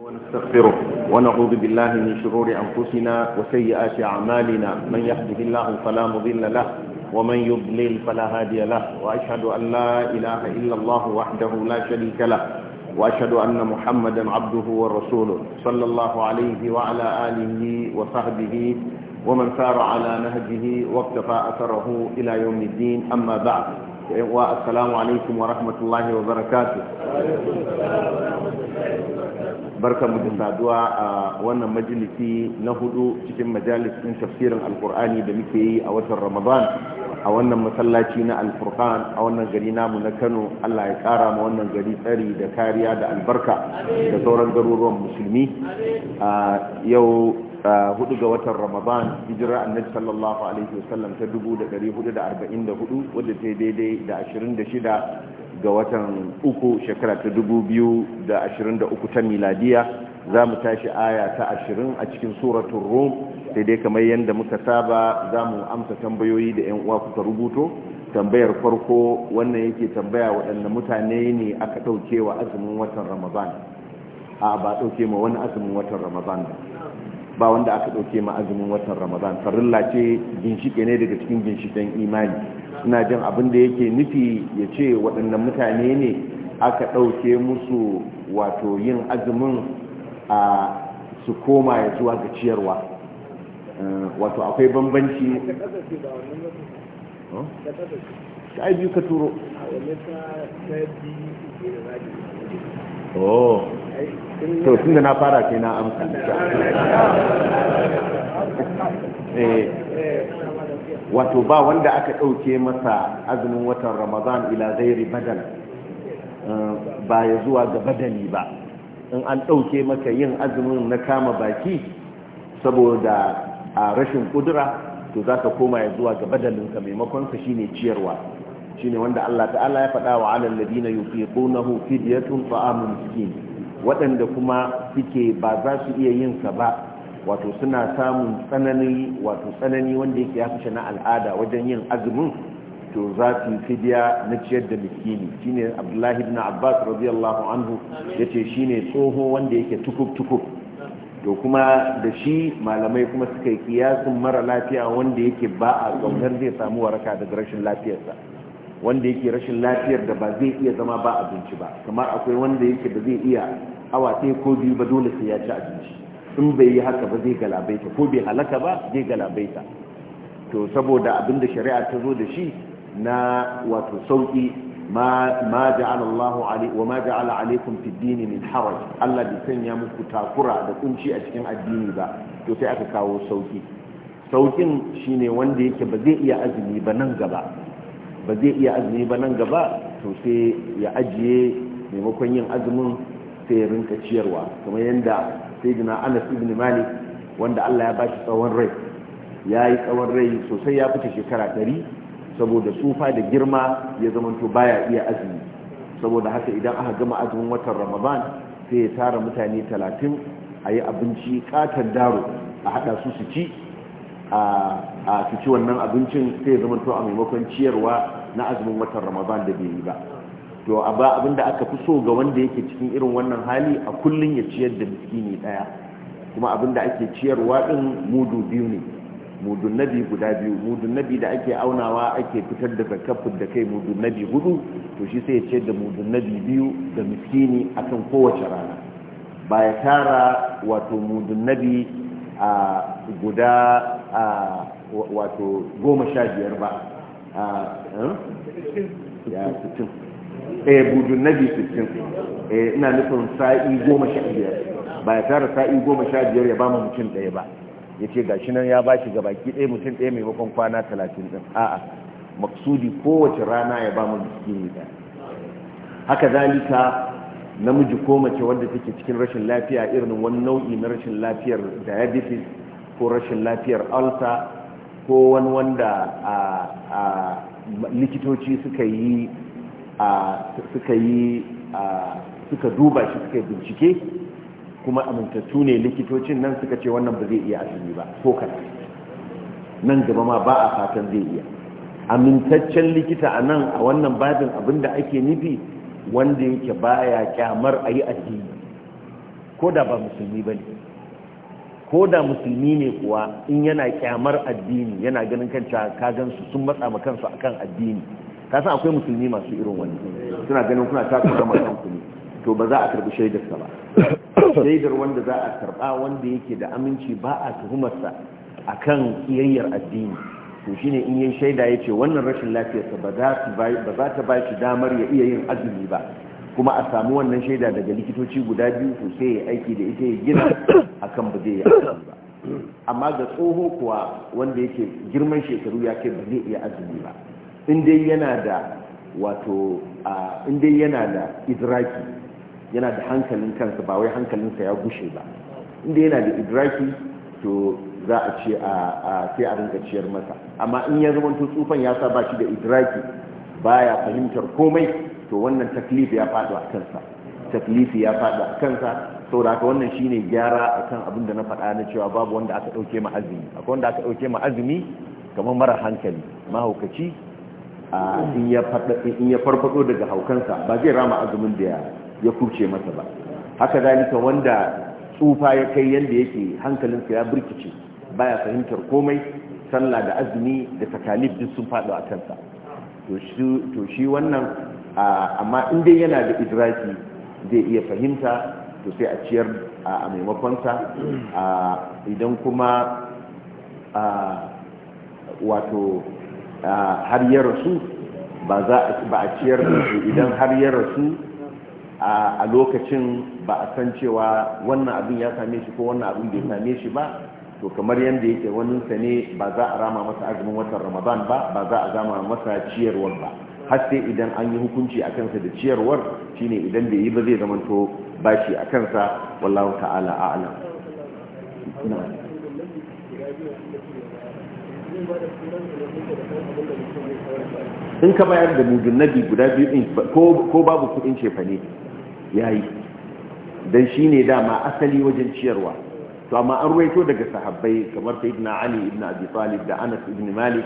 ونستغفره ونعوذ بالله من شرور أنفسنا وسيئات أعمالنا من يهده الله فلا مضل له ومن يضلل فلا هادي له وأشهد أن لا إله إلا الله وحده لا شريك له وأشهد أن محمدا عبده ورسوله صلى الله عليه وعلى آله وصحبه ومن سار على نهجه واقتفى أثره إلى يوم الدين أما بعد والسلام عليكم ورحمة الله وبركاته mu da saduwa a wannan majalisi na hudu cikin majalisin tafsirin alkur'ani da muke yi a watan ramadan a wannan masallaci na alfurkan a wannan gari namu na kano allah ya kara ma wannan gari tsari da kariya da albarka da sauran garuruwan musulmi a yau hudu ga watan ramadan hijira annabi sallallahu alaihi wasallam ta 1444 wadda ta daidai da shida. ga watan uku shekara ta dubu biyu da ashirin da uku ta miladiya za mu tashi aya ta ashirin a cikin suratun rum sai dai kamar yadda muka saba za mu amsa tambayoyi da 'yan uwa kuka rubuto tambayar farko wannan yake tambaya waɗanda mutane ne aka ɗauke wa azumin watan ramadan a ba ɗauke ma wani azumin watan ramadan ba wanda aka ɗauke ma azumin watan ramadan farilla ce ginshiƙe ne daga cikin ginshiƙen imani ina jin abin da yake nufi ya ce waɗannan mutane ne aka ɗauke musu wato yin azumin a su koma ya zuwa ga ciyarwa eh, wato akwai bambanci ta yi ka turo oh to tun da na fara kai na amsa eh. wato ba wanda aka ɗauke masa azumin watan ramadan ila zairi badal eh, ba ya zuwa ga badali ba in an ɗauke maka yin azumin na kama baki saboda a rashin kudura to za ka koma ya zuwa ga badalinka maimakon ka shine ciyarwa shine wanda Allah ta'ala ya faɗa wa alal ladina yufiqunahu fidyatun fa'amun miskin waɗanda kuma suke ba za su iya yin sa ba wato suna samun tsanani wato tsanani wanda yake ya fice na al'ada wajen yin azumin to za su yi na ciyar da miskini shine abdullahi ibn abbas radiyallahu anhu yace shine tsoho wanda yake tukub tukub to kuma da shi malamai kuma suka yi kiyasin mara lafiya wanda yake ba a kaunar zai samu waraka daga rashin lafiyarsa wanda yake rashin lafiyar da ba zai iya zama ba abinci ba kamar akwai wanda yake da zai iya awa ɗaya ko biyu ba dole sai ya ci abinci in bai yi haka ba zai galabaita ko bai halaka ba zai galabaita to saboda abinda shari'a ta zo da shi na wato sauki ma wa ma ja'ala alaikum fi dini min haraj Allah bai sanya muku takura da kunci a cikin addini ba to sai aka kawo sauki saukin shine wanda yake ba zai iya azumi ba nan gaba ba zai iya azumi ba nan gaba to sai ya ajiye maimakon yin azumin sai ya rinka ciyarwa kamar yadda sayyidina anas ibn malik wanda allah ya bashi tsawon rai ya yi tsawon rai sosai ya fita shekara ɗari saboda tsufa da girma ya zamanto baya iya azumi saboda haka idan aka gama azumin watan ramadan sai ya tara mutane talatin a yi abinci katon daro a haɗa su su ci a su ci wannan abincin sai ya zamanto a maimakon ciyarwa na azumin watan ramadan da bai yi ba to ba abinda aka fi so ga wanda yake cikin irin wannan hali a kullun ya ciyar da miskini daya kuma abinda ake ciyarwa din mudu biyu ne mudun nabi guda biyu mudun nabi da ake aunawa ake fitar da zakafin da kai mudun nabi hudu to shi sai ya ciyar da mudun nabi biyu da miskini akan kowace rana ba ya tara wato mudun nabi a guda a wato goma sha biyar ba eh? ya eh bujun nabi biyu eh ina nufin sa'i 15 ba ya tara sa'i goma biyar ya ba mu mutum ɗaya ba yace gashi nan ya bashi baki ɗaya mutum ɗaya maimakon kwana talatin din a'a maksudi kowace rana ya ba mu miskini ɗaya haka zalika namiji ko mace wanda take cikin rashin lafiya irin wani nau'i na rashin lafiyar diabetes ko rashin lafiyar ulcer ko wani wanda a likitoci suka yi suka yi suka duba shi suka bincike kuma amintattu ne likitocin nan suka ce wannan ba zai iya azumi ba ko kana nan gaba ma ba a fatan zai iya amintaccen likita a nan a wannan babin abinda ake nufi wanda yake baya kyamar a yi addini ko da ba musulmi ba ne ko da musulmi ne kuwa in yana kyamar addini yana ganin kanta gansu sun matsa ma kansu akan addini ka san akwai musulmi masu irin wani suna ganin kuna ta kuma mutum to ba za a karbi shaidar sa ba shaidar wanda za a karba wanda yake da aminci ba a tuhumar sa kan kiyayyar addini to shine in ya shaida ya ce wannan rashin lafiyar sa ba za ba za ta ba damar ya iya yin azumi ba kuma a sami wannan shaida daga likitoci guda biyu to sai ya aiki da ita ya gina akan ba zai yi azumi ba amma ga tsoho kuwa wanda yake girman shekaru ya kai ba zai iya azumi ba in dai yana da wato in yana da idraki yana da hankalin kansa ba wai hankalinsa ya gushe ba in yana da idraki to za a ce a sai a rinka ciyar masa amma in ya zama to tsufan ya sa ba shi da idraki baya fahimtar komai to wannan taklifi ya faɗo a kansa taklifi ya faɗo a kansa sau haka wannan shine gyara akan abin da na faɗa na cewa babu wanda aka ɗauke ma azumi akwai wanda aka ɗauke ma azumi kamar mara hankali mahaukaci in ya farfado daga haukansa ba zai rama azumin da ya kurce masa ba haka zalika wanda tsufa ya kai yadda yake hankalinsa ya birkice ya fahimtar komai sallah da azumi da takalif duk sun faɗo a kansa to shi wannan amma inda yana da idraki zai iya fahimta to sai a ciyar a maimakonsa idan kuma wato har ya rasu ba a ciyar idan har ya rasu a lokacin ba a san cewa wannan abin ya same shi ko wannan abin bai same shi ba to kamar yadda yake wani sa ne ba za a rama masa azumin watan ramadan ba ba za a zama masa ciyarwar ba har sai idan an yi hukunci a kansa da ciyarwar shine idan bai yi ba zai zamanto bashi a kansa wallahu ta'ala a'lam in ka bayar da mudun nabi guda biyu in ko babu kudin cefa ne yayi dan shine dama asali wajen ciyarwa to amma an ruwaito daga sahabbai kamar sayyidina ali ibn abi talib da anas ibn malik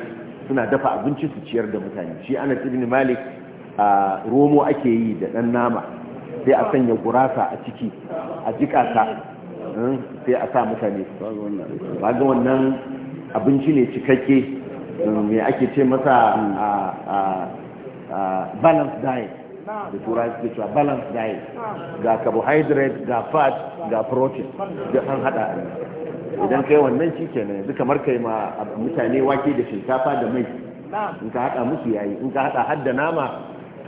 suna dafa abinci su ciyar da mutane shi anas ibn malik a romo ake yi da dan nama sai a sanya gurasa a ciki a jikata hmm, sai a sa mutane ba ga wannan abinci ne cikakke mai ake ce masa a balance diet da tura suke cewa balance diet ga carbohydrate ga fat ga protein da an hada idan kai wannan shi kenan duka kai ma mutane wake da shinkafa da mai in ka hada musu yayi in ka hada hadda nama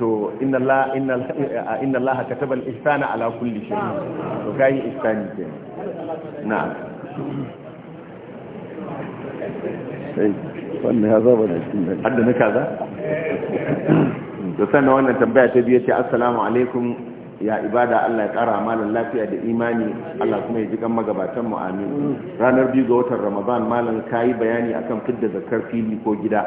to inna Allah inna Allah kataba al-ihsana ala kulli shay to kai ihsani kenan na'am wannan ya zaba da cikin da Hada na kaza da sannan wannan tambaya ta biyar ce assalamu alaikum ya ibada Allah ya kara malam lafiya da imani Allah kuma ya ji kan magabatan mu amin ranar biyu ga watan Ramadan malam yi bayani akan fidda zakar fili ko gida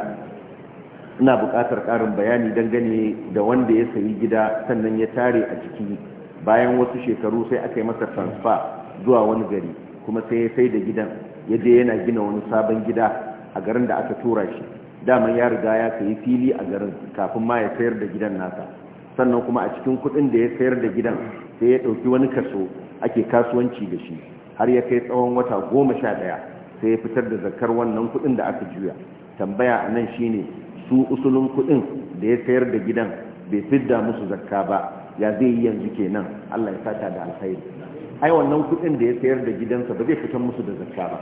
ina buƙatar ƙarin bayani dangane da wanda ya sayi gida sannan ya tare a ciki bayan wasu shekaru sai aka yi masa transfer zuwa wani gari kuma sai ya sai da gidan ya je yana gina wani sabon gida a garin da aka tura shi daman ya riga ya kai fili a garin kafin ma ya sayar da gidan nasa sannan kuma a cikin kuɗin da ya sayar da gidan sai ya ɗauki wani kaso ake kasuwanci da shi har ya kai tsawon wata goma sha ɗaya sai ya fitar da zakar wannan kuɗin da aka juya tambaya a nan shine su usulun kuɗin da ya sayar da gidan bai fidda musu zakka ba ya zai yi yanzu kenan allah ya sata da alkhairi ai wannan kuɗin da ya sayar da gidansa ba zai fita musu da zakka ba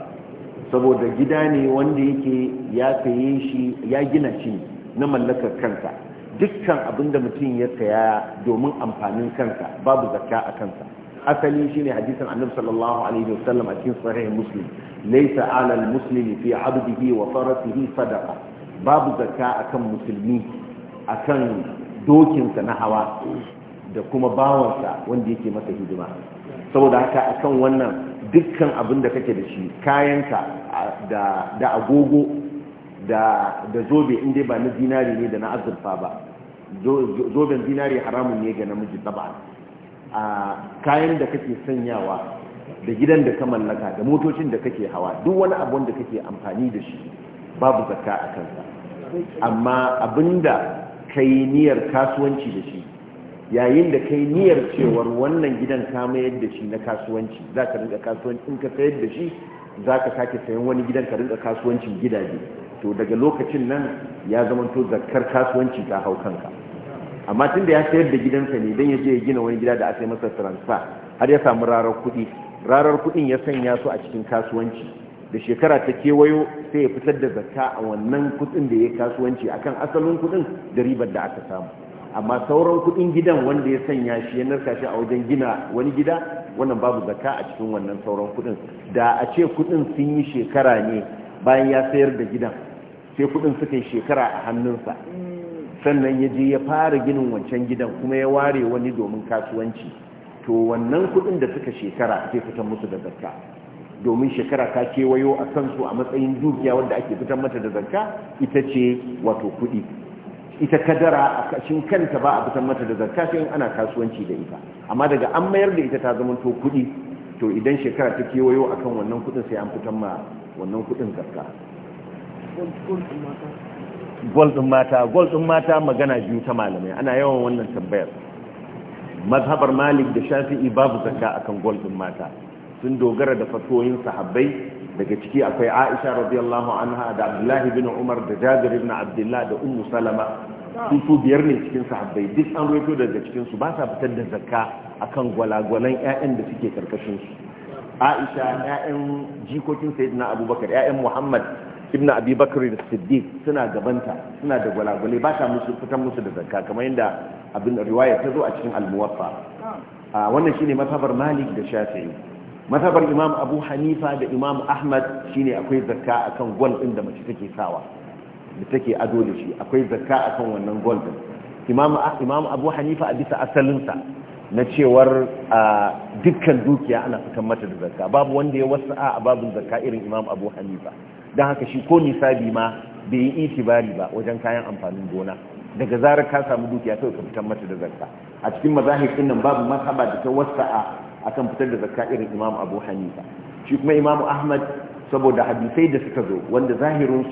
saboda gida ne wanda yake ya saye shi ya gina shi na mallakar kansa dukkan abin da mutum ya saya domin amfanin kansa babu zakka a kansa asali shine hadisin annabi sallallahu alaihi wasallam a cikin sahih muslim laysa ala al fi 'abdihi wa farasihi sadaqa babu zakka akan musulmi akan dokinsa na hawa da kuma bawansa wanda yake masa hidima saboda haka a kan wannan dukkan abin da kake da shi kayanka da agogo da zobe inda ba na zinari ne da na azurfa ba zoben zinari haramun ne ga namiji taba a kayan da kake sanyawa da gidan da ka mallaka da motocin da kake hawa duk wani abin da kake amfani da shi babu zakka a kansa amma abinda ka yi niyyar kasuwanci da shi yayin da kai niyyar cewar wannan gidan ka mayar da shi na kasuwanci za ka rinka kasuwanci in ka sayar da shi za ka sake sayan wani gidan ka rinka kasuwancin gidaje to daga lokacin nan ya zama to zakkar kasuwanci ta hau kanka amma tun da ya sayar da gidansa ne dan ya je ya gina wani gida da aka yi masa transfer har ya samu rarar kuɗi rarar kuɗin ya sanya su a cikin kasuwanci da shekara ta kewayo sai ya fitar da zakka a wannan kuɗin da ya kasuwanci akan asalin kuɗin da ribar da aka samu amma sauran kuɗin gidan wanda ya sanya shi ya narka shi a wajen gina wani gida wannan babu zakka a cikin wannan sauran kuɗin da a ce kuɗin sun yi shekara ne bayan ya sayar da gidan sai kuɗin suka yi shekara a hannunsa sannan ya je ya fara ginin wancan gidan kuma ya ware wani domin kasuwanci to wannan kuɗin da suka shekara sai fitan musu da zakka domin shekara ta kewayo a kansu a matsayin dukiya wanda ake fitar mata da zakka ita ce wato kuɗi ita kadara a kashin kanta ba a fitar mata da zakka sai ana kasuwanci da ita amma daga an mayar da ita ta zama to kuɗi to idan shekara ta kewayo a kan wannan kuɗin sai an fitan ma wannan kuɗin zarka gold mata mata magana biyu ta malamai ana yawan wannan tambayar mazhabar malik da shafi'i babu zakka akan gold ɗin mata sun dogara da fatoyin sahabbai daga ciki akwai aisha radiyallahu anha da abdullahi bin umar da jabir ibn abdullah da ummu salama su su biyar ne cikin sahabbai duk an roto daga cikin su ba sa fitar da zakka akan gwalagwalan ƴaƴan da suke karkashin su aisha ƴaƴan jikokin sayyidina abubakar ƴaƴan muhammad ibn abi bakr da siddiq suna gabanta suna da gwalagwale ba sa musu fitar musu da zakka kamar yadda abin riwaya ta zo a cikin al-muwaffa ah, wannan shine mazhabar malik da shafi'i Masabar imam abu hanifa da imam ahmad shine akwai zakka akan gwal din da mace take sawa da take ado da shi akwai zakka akan wannan gwal din imam abu hanifa a bisa asalinsa na cewar dukkan dukiya ana fitan mata da zakka babu wanda ya wasa a babun zakka irin imam abu hanifa don haka shi ko nisabi ma bai yi itibari ba wajen kayan amfanin gona daga zarar ka samu dukiya sai ka fitan mata da zakka a cikin mazahir din nan babu masaba da ta wasa'a akan fitar da zakka irin imam abu hanifa shi kuma imam ahmad saboda hadisai da suka zo wanda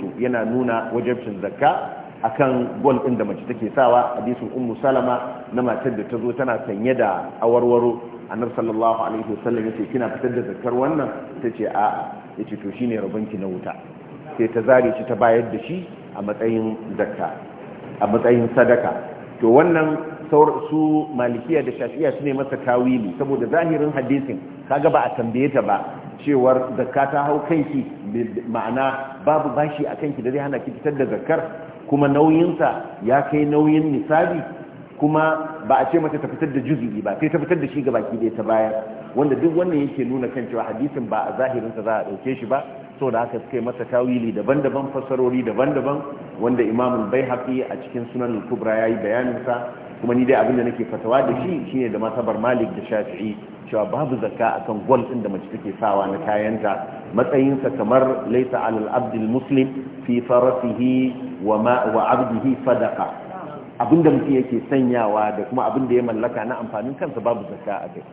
su yana nuna wajabcin zakka akan gol ɗin da mace take sawa hadisin ummu salama na matar da ta zo tana sanye da awarwaro annabi sallallahu alaihi wasallam yace kina fitar da zakkar wannan tace a yace to shine rabanki na wuta sai ta zare shi ta bayar da shi a matsayin zakka a matsayin sadaka to wannan su malikiya da shafiya su ne masa tawili saboda zahirin hadisin kaga ba a tambaye ta ba cewar zakka ta hau kanki ma'ana babu bashi a kanki da zai hana ki fitar da zakkar kuma nauyinsa ya kai nauyin misali kuma ba a ce mata ta fitar da juzu'i ba sai ta fitar da shi ga baki ɗaya ta baya wanda duk wannan yake nuna kan cewa hadisin ba a zahirin sa za a ɗauke shi ba saboda haka suka yi masa tawili daban-daban fassarori daban-daban wanda imamul bai haƙi a cikin sunan kubra ya yi bayaninsa kuma ni dai abin da nake fatawa da shi shine da masabar malik da shafi'i cewa babu zakka akan gwal din da mace take sawa na kayanta matsayinsa kamar laisa alal abdul muslim fi farasihi wa ma wa abdihi sadaqa abinda mutum yake sanyawa da kuma abin da ya mallaka na amfanin kansa babu zakka a kai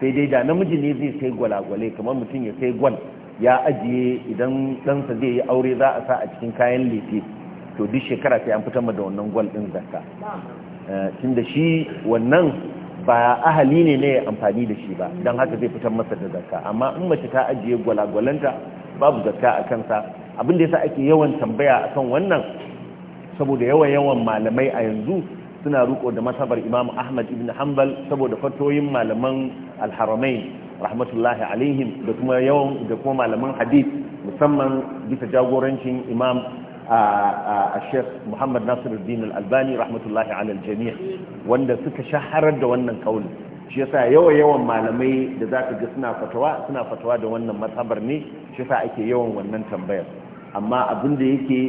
sai dai da namiji ne zai sai gwalagwale kamar mutum ya kai gwal ya ajiye idan ɗansa zai yi aure za a sa a cikin kayan lefe to duk shekara sai an fitar da wannan gwal ɗin zakka Eh, tunda shi wannan ba ahali ne ne amfani da shi ba don haka zai fitar masa da zakka amma in mace ta ajiye gwalagwalanta babu zakka a kansa abin da sa ake yawan tambaya akan wannan saboda yawan yawan malamai a yanzu suna ruko da masabar imam ahmad ibn hanbal saboda fatoyin malaman alharamain rahmatullahi alaihim da kuma yawan da kuma malaman hadith musamman bisa jagorancin imam a shek muhammad nasiruddin al-albani rahmatullahi alal jami'a wanda suka shaharar da wannan kauli shi yasa yawa yawan malamai da za ka ga suna fatawa suna fatawa da wannan matsabar ne shi yasa ake yawan wannan tambayar amma abin da yake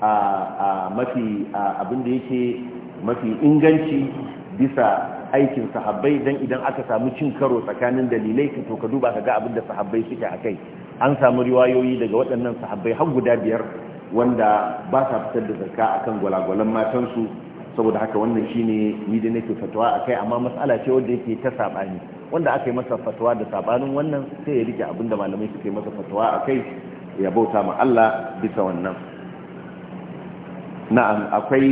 a mafi abin da yake mafi inganci bisa aikin sahabbai dan idan aka samu cin karo tsakanin dalilai ka to ka duba ka ga abin da sahabbai suke akai an samu riwayoyi daga waɗannan sahabbai har guda biyar wanda ba sa fitar da zakka akan gwalagwalan matansu saboda haka wannan shine ni da nake fatawa akai amma mas'ala ce wanda yake ta sabani wanda aka yi masa fatawa da sabanin wannan sai ya rike abinda malamai suka yi masa fatawa akai ya bauta ma Allah bisa wannan na'am akwai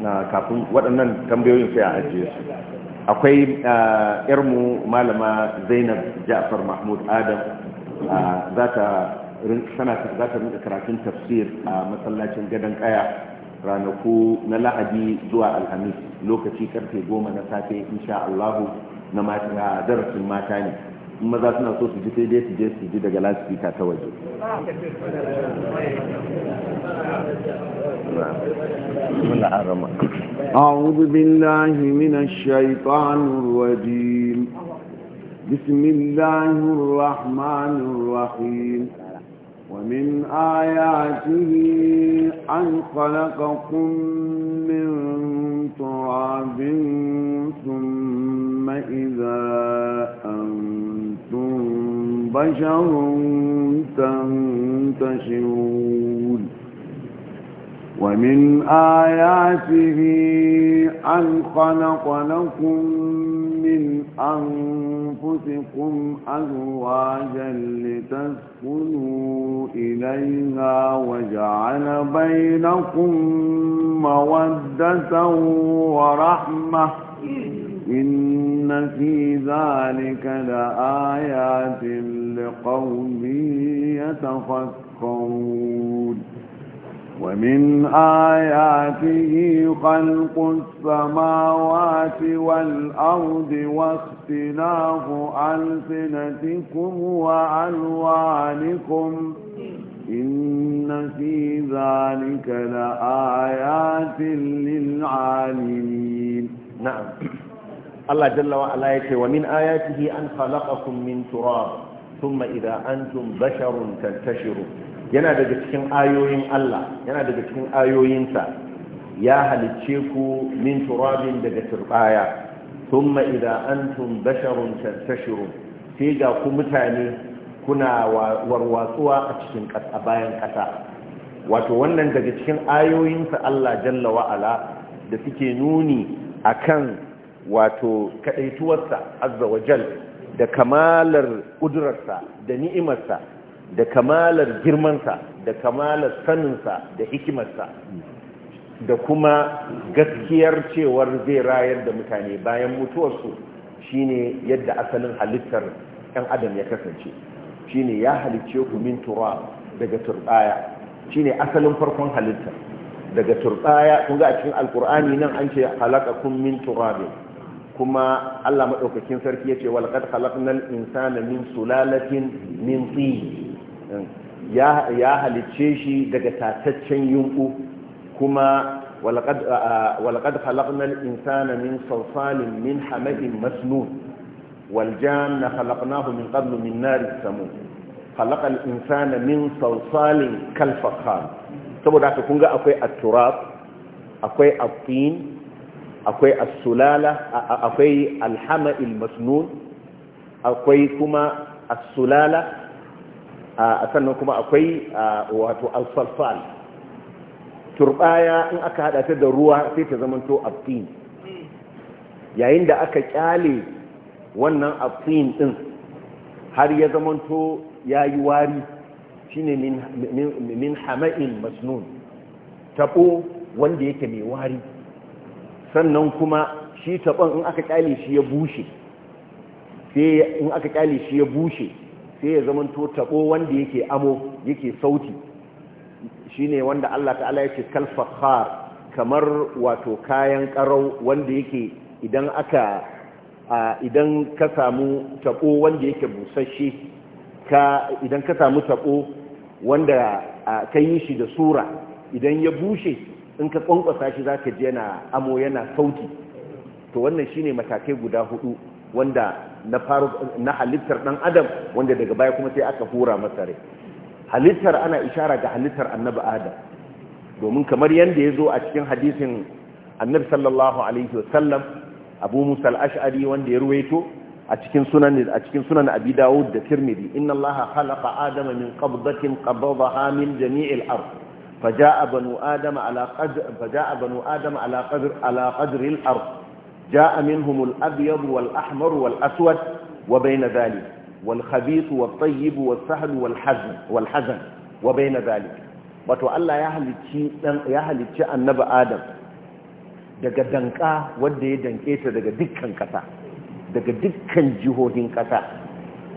na kafin waɗannan tambayoyin sai a ajiye su akwai yarmu ah, malama Zainab Ja'far Mahmud Adam ah, za ta ta za ta rinka karatun tafsir a masallacin gadon kaya ranaku na lahadi zuwa alhamis lokaci karfe goma na safe insha allahu na darasin mata ne in maza suna so su ji sai dai su je su ji daga lasifika ta waje أعوذ بالله من الشيطان الرجيم بسم الله الرحمن الرحيم ومن آياته أن خلقكم من تراب ثم إذا أنتم بشر تنتشرون ومن آياته أن خلق لكم من أنفسكم أزواجا لتسكنوا إليها وجعل بينكم مودة ورحمة إن في ذلك لآيات لقوم يتفكرون ومن آياته خلق السماوات والأرض واختلاف ألسنتكم وألوانكم إن في ذلك لآيات للعالمين نعم الله جل وعلا يقول ومن آياته أن خلقكم من تراب ثم إذا أنتم بشر تنتشرون yana daga cikin ayoyin Allah yana daga cikin ayoyinsa ya halicce ku min turabin daga turbaya thumma idza antum basharun tantashirun sai ga ku mutane kuna warwatsuwa a cikin ƙasa bayan ƙasa wato wannan daga cikin ayoyinsa Allah jalla wa'ala da suke nuni akan wato kadaituwarsa azza jal da kamalar ƙudurarsa da ni'imarsa da kamalar girmansa da kamalar saninsa da hikimarsa da kuma gaskiyar cewar zai rayar da mutane bayan mutuwarsu shine yadda asalin halittar ɗan adam ya kasance shine ya halicce ku min turab daga Shi shine asalin farkon halittar daga turɓaya, kun ga a cikin alkur'ani nan an ce kun min ne. kuma Allah maɗaukakin sarki ya ce walaqad khalaqnal insana min sulalatin min tsiri. ya halicce shi daga tataccen yunku kuma walaqad khalaqnal insana min salsalin min hamadin masnun wal janna khalaqnahu min qablu min narin samun khalaqal insana min salsalin kal fakhar saboda haka kun ga akwai a turab akwai a tin akwai a sulala akwai al-hama'il masnun akwai kuma a sulala a sannan kuma akwai wato alfalfal turbaya in aka hada ta da ruwa sai ta zamanto abtin yayin da aka kyale wannan abtin din har ya zamanto ya yi wari shine min hama'in masnun tabo wanda yake mai wari sannan kuma shi tabon in aka kyale shi ya bushe sai in aka kyale shi ya bushe sai ya zama to tabo wanda yake amo yake sauti shine wanda Allah ta'ala yake kalfakhar kamar wato kayan karau wanda yake idan aka idan ka samu tabo wanda yake busasshe ka idan ka samu tabo wanda ka yi shi da sura idan ya bushe in ka kwankwasa shi zaka je yana amo yana sauti to wannan shine matakai guda hudu wanda na faru na halittar dan adam wanda daga baya kuma sai aka hura masa rai halittar ana ishara ga halittar annabi adam domin kamar yanda yazo a cikin hadisin annabi sallallahu alaihi wasallam abu musa al-ash'ari wanda ya ruwaito a cikin sunan a cikin sunan abi dawud da tirmidhi inna allaha khalaqa adama min qabdatin qabadaha min jami'il ardh فجاء بنو آدم على قدر فجاء بنو آدم على قدر على قدر الأرض جاء منهم الأبيض والأحمر والأسود وبين ذلك والخبيث والطيب والسهل والحزن والحزن وبين ذلك wato Allah ya halicci annaba Adam daga danka wanda ya danke ta daga dukkan kasa daga dukkan jihohin kasa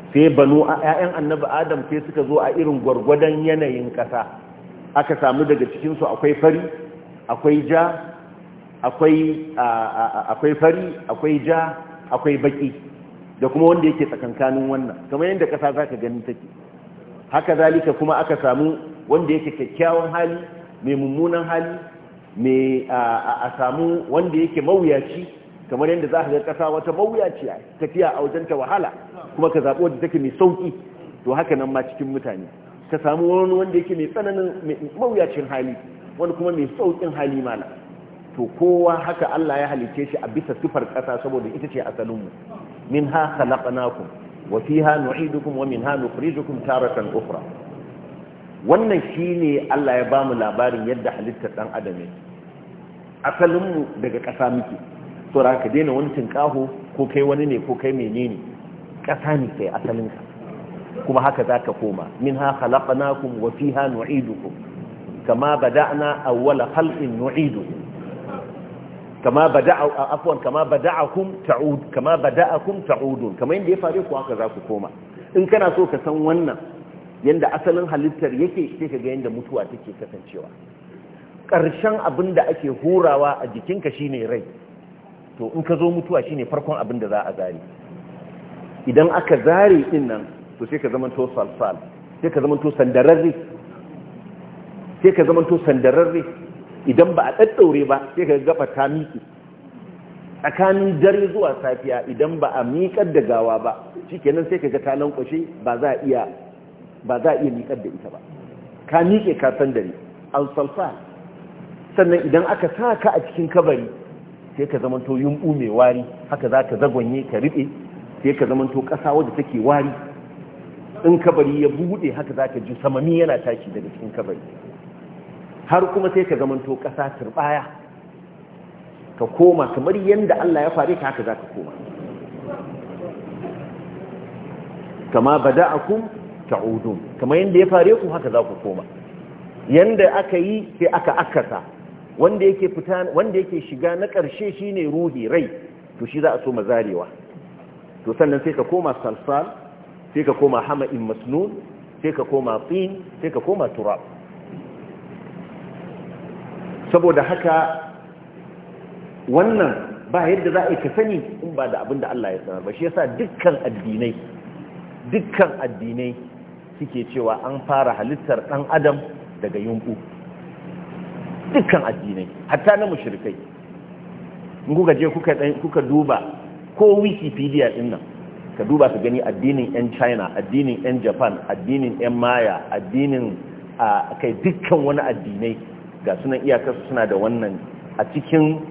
sai banu ƴaƴan annaba Adam sai suka zo a irin gwargwadon yanayin kasa aka samu daga cikinsu akwai fari akwai ja akwai fari akwai ja akwai baki da kuma wanda yake tsakankanin wannan kamar yadda kasa za ka gani take haka zalika kuma aka samu wanda yake kyakkyawan hali mai mummunan hali mai a samu wanda yake mawuyaci kamar yadda za ka ga kasa wata mawuyaci tafiya a wajen ta wahala kuma ka zaɓi wadda take mai sauƙi to haka nan ma cikin mutane ka samu wani wanda yake mai tsananin mawuyacin hali wani kuma mai sauƙin hali malam to kowa haka Allah ya halice shi a bisa sifar ƙasa saboda ita ce asalinmu min ha khalaqnakum wa fiha nu'idukum wa minha nukhrijukum taratan ukhra wannan shine Allah ya bamu labarin yadda halittar dan adam ne asalinmu daga ƙasa muke to da ka daina wani tinkaho ko kai wani ne ko kai menene ƙasa ne kai asalinka kuma haka zaka koma min ha khalaqnakum wa fiha nu'idukum kama bada'na awwala khalqin nu'idukum kama bada'u afwan kama bada'akum ta'ud kama bada'akum ta'udun kama yanda ya fare ku haka za ku koma in kana so ka san wannan yanda asalin halittar yake sai ka ga yanda mutuwa take kasancewa ƙarshen abin da ake hurawa a jikinka shine rai to in ka zo mutuwa shine farkon abin da za a zare idan aka zare din nan to sai ka zama to salsal sai ka zama to sandararre sai ka zama to sandararre idan ba a ɗaɗɗaure ba sai ka gaba ta miƙe tsakanin dare zuwa safiya idan ba a miƙar da gawa ba nan sai ka ga talon ƙwashe, ba za a iya ba a miƙar da ita ba ka miƙe ka san dare an salfa sannan idan aka sa ka a cikin kabari sai ka zamanto yumɓu mai wari haka za ka zagonye ka riɓe sai ka zamanto ƙasa wadda take wari in kabari ya buɗe haka za ka ji samami yana tashi daga cikin kabari har kuma sai ka zamanto ƙasa turbaya ka koma kamar yadda Allah ya fare ka haka za ka koma kama ba bada'akum ta'udun kama yadda ya fare ku haka za ku koma yadda aka yi sai aka akasa wanda yake shiga na ƙarshe shine ruhi rai to shi za a so mazarewa to sannan sai ka koma salsal sai ka koma hama'in masnun sai ka koma tsin sai ka koma turabu saboda haka wannan ba yadda za a ka sani in ba da abin da Allah ya sanar ba shi yasa dukkan addinai dukkan addinai suke cewa an fara halittar dan adam daga yunku dukkan addinai hatta na mushrikai kuka je kuka duba ko wikipedia din nan ka duba ka gani addinin 'yan china addinin 'yan japan addinin 'yan maya addinin a kai dukkan wani addinai ga sunan iyakarsu suna da wannan a cikin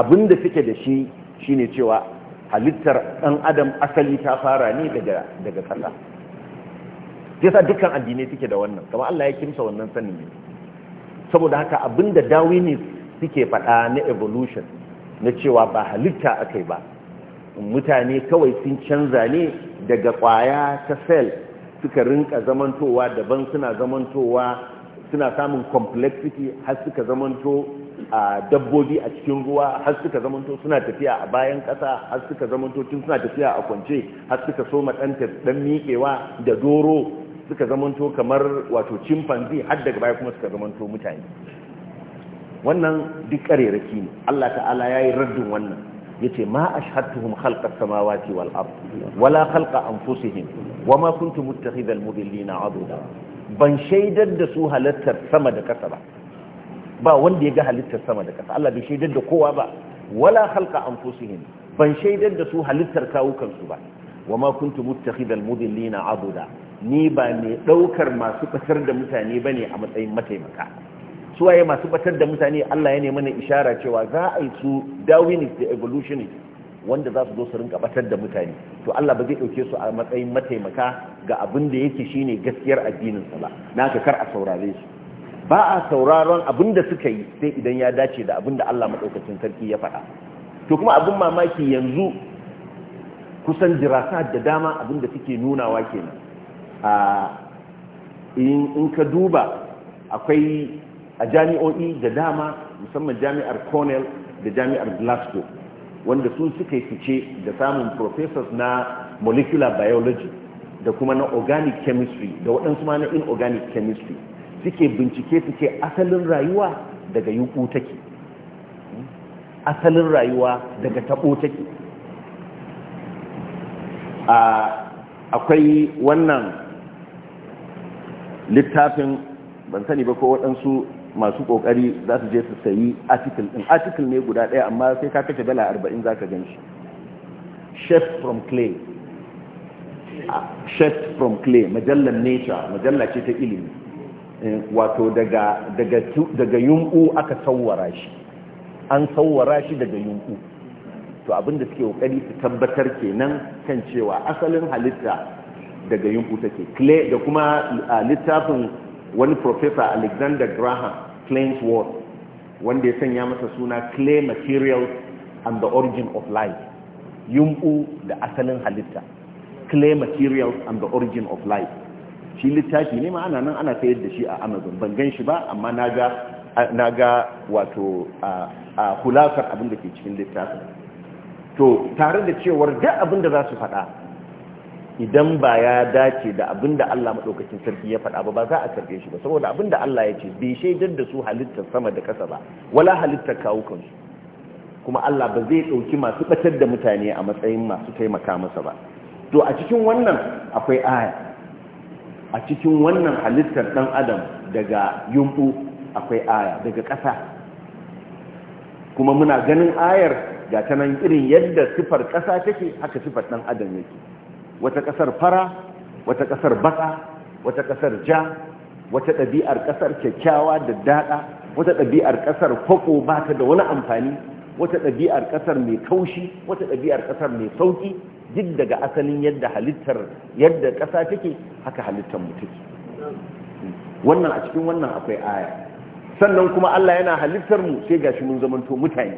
abin da suke da shi shi ne cewa halittar ɗan adam asali ta fara ne daga ƙasa yasa dukkan addinai suke da wannan kama Allah ya kimsa wannan sanin ne saboda haka abin da dawini suke faɗa na evolution na cewa ba halitta akai ba mutane kawai sun canza ne daga kwaya ta cell suka rinka zamantowa daban suna zamantowa suna samun complexity har suka zamanto a dabbobi a cikin ruwa har suka zamanto suna tafiya a bayan kasa har suka zamanto tun suna tafiya a kwance har suka soma matsanta ɗan miƙewa da doro suka zamanto kamar wato chimpanzee har daga baya kuma suka zamanto mutane wannan duk ƙarerake ne Allah ta'ala ya yi raddin wannan ya ce ma a shahattuhum halkar samawati wal ab wala halka anfusihim wa ma kuntu muttakhidhal mudillina aduda ban shaidar da su halittar sama da ƙasa ba ba wanda ya ga halittar sama da ƙasa Allah bai shaidar da kowa ba wala halka anfusihim ban shaidar da su halittar kawukansu ba wama kuntu muttakhidal mudillina abuda ni ba ne daukar masu batar da mutane bane a matsayin mataimaka su waye masu batar da mutane Allah ya ne mana ishara cewa za a yi su darwinist da evolutionist wanda za su zo su rinka batar da mutane to Allah ba zai ɗauke su a matsayin mataimaka ga abin da yake shine gaskiyar addinin sa ba naka kar a saurare su ba a sauraron abin da suka yi sai idan ya dace da abin da Allah madaukakin sarki ya faɗa to kuma abin mamaki yanzu kusan jirasa da dama abin da suke nunawa kenan a in ka duba akwai a jami'o'i da dama musamman jami'ar Cornell da jami'ar Glasgow wanda sun suka yi fice da samun professors na molecular biology da kuma na organic chemistry da waɗansu ma na inorganic chemistry suke bincike suke asalin rayuwa daga yuku take asalin rayuwa daga taɓo take akwai wannan littafin ban sani ba ko waɗansu masu kokari za su je su sayi article din article ne guda daya amma sai ka kashe dala 40 zaka gan shi chef from clay chef from clay majalla nature majalla ce ta ilimi eh, wato daga daga daga yunku aka sawwara shi an sawwara shi daga yunku to abinda suke kokari su tabbatar kenan kan cewa asalin halitta daga yunku take clay da kuma littafin wani professor alexander graham Claims word wanda ya sanya masa suna Clay Materials and the Origin of Life yumbu da asalin halitta Clay Materials and the Origin of Life shi littafi ne ma ana nan ana sayar da shi a Amazon ban gan shi ba amma na ga wato a hulakar abin da ke cikin littafin to tare da cewar duk abin da za su faɗa idan ba ya dace da abinda Allah maɗaukacin sarki ya faɗa ba ba za a sarge shi ba saboda da Allah ya ce bai shaidar da su halittar sama da ƙasa ba wala halittar kawo kansu kuma Allah ba zai ɗauki masu ɓatar da mutane a matsayin masu taimaka masa ba to a cikin wannan akwai aya a cikin wannan halittar ɗan adam daga yumɓu akwai aya daga ƙasa kuma muna ganin ayar ga ta nan irin yadda sifar ƙasa take haka sifar ɗan adam yake wata ƙasar fara wata ƙasar baka wata ƙasar ja wata ɗabi'ar ƙasar kyakkyawa da daɗa wata ɗabi'ar ƙasar fako ba ta da wani amfani wata ɗabi'ar ƙasar mai kaushi wata ɗabi'ar ƙasar mai sauƙi, duk daga asalin yadda halittar yadda ƙasa take haka halittar mu take wannan a cikin wannan akwai aya sannan kuma Allah yana halittar mu sai gashi mun zamanto mutane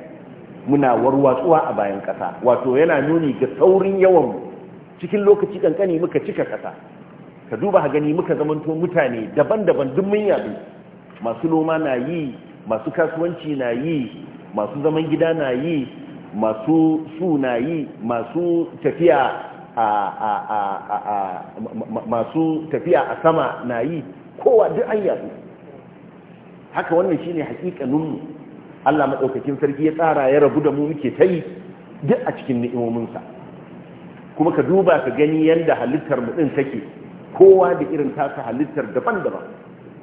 muna warwatsuwa a bayan ƙasa wato yana nuni ga saurin yawan mu cikin lokaci kankani muka cika kasa ka duba gani muka zamanto mutane daban-daban duk mun yaɗu masu noma na yi masu kasuwanci na yi masu zaman gida na yi masu su na yi masu tafiya a masu tafiya a sama na yi kowa duk an yaɗu haka wannan shine hakikaninmu Allah maɗaukacin sarki ya tsara ya rabu da mu muke tai duk a cikin ni'imominsa kuma ka duba ka gani yadda halittar mu take kowa da irin tasa halittar daban-daban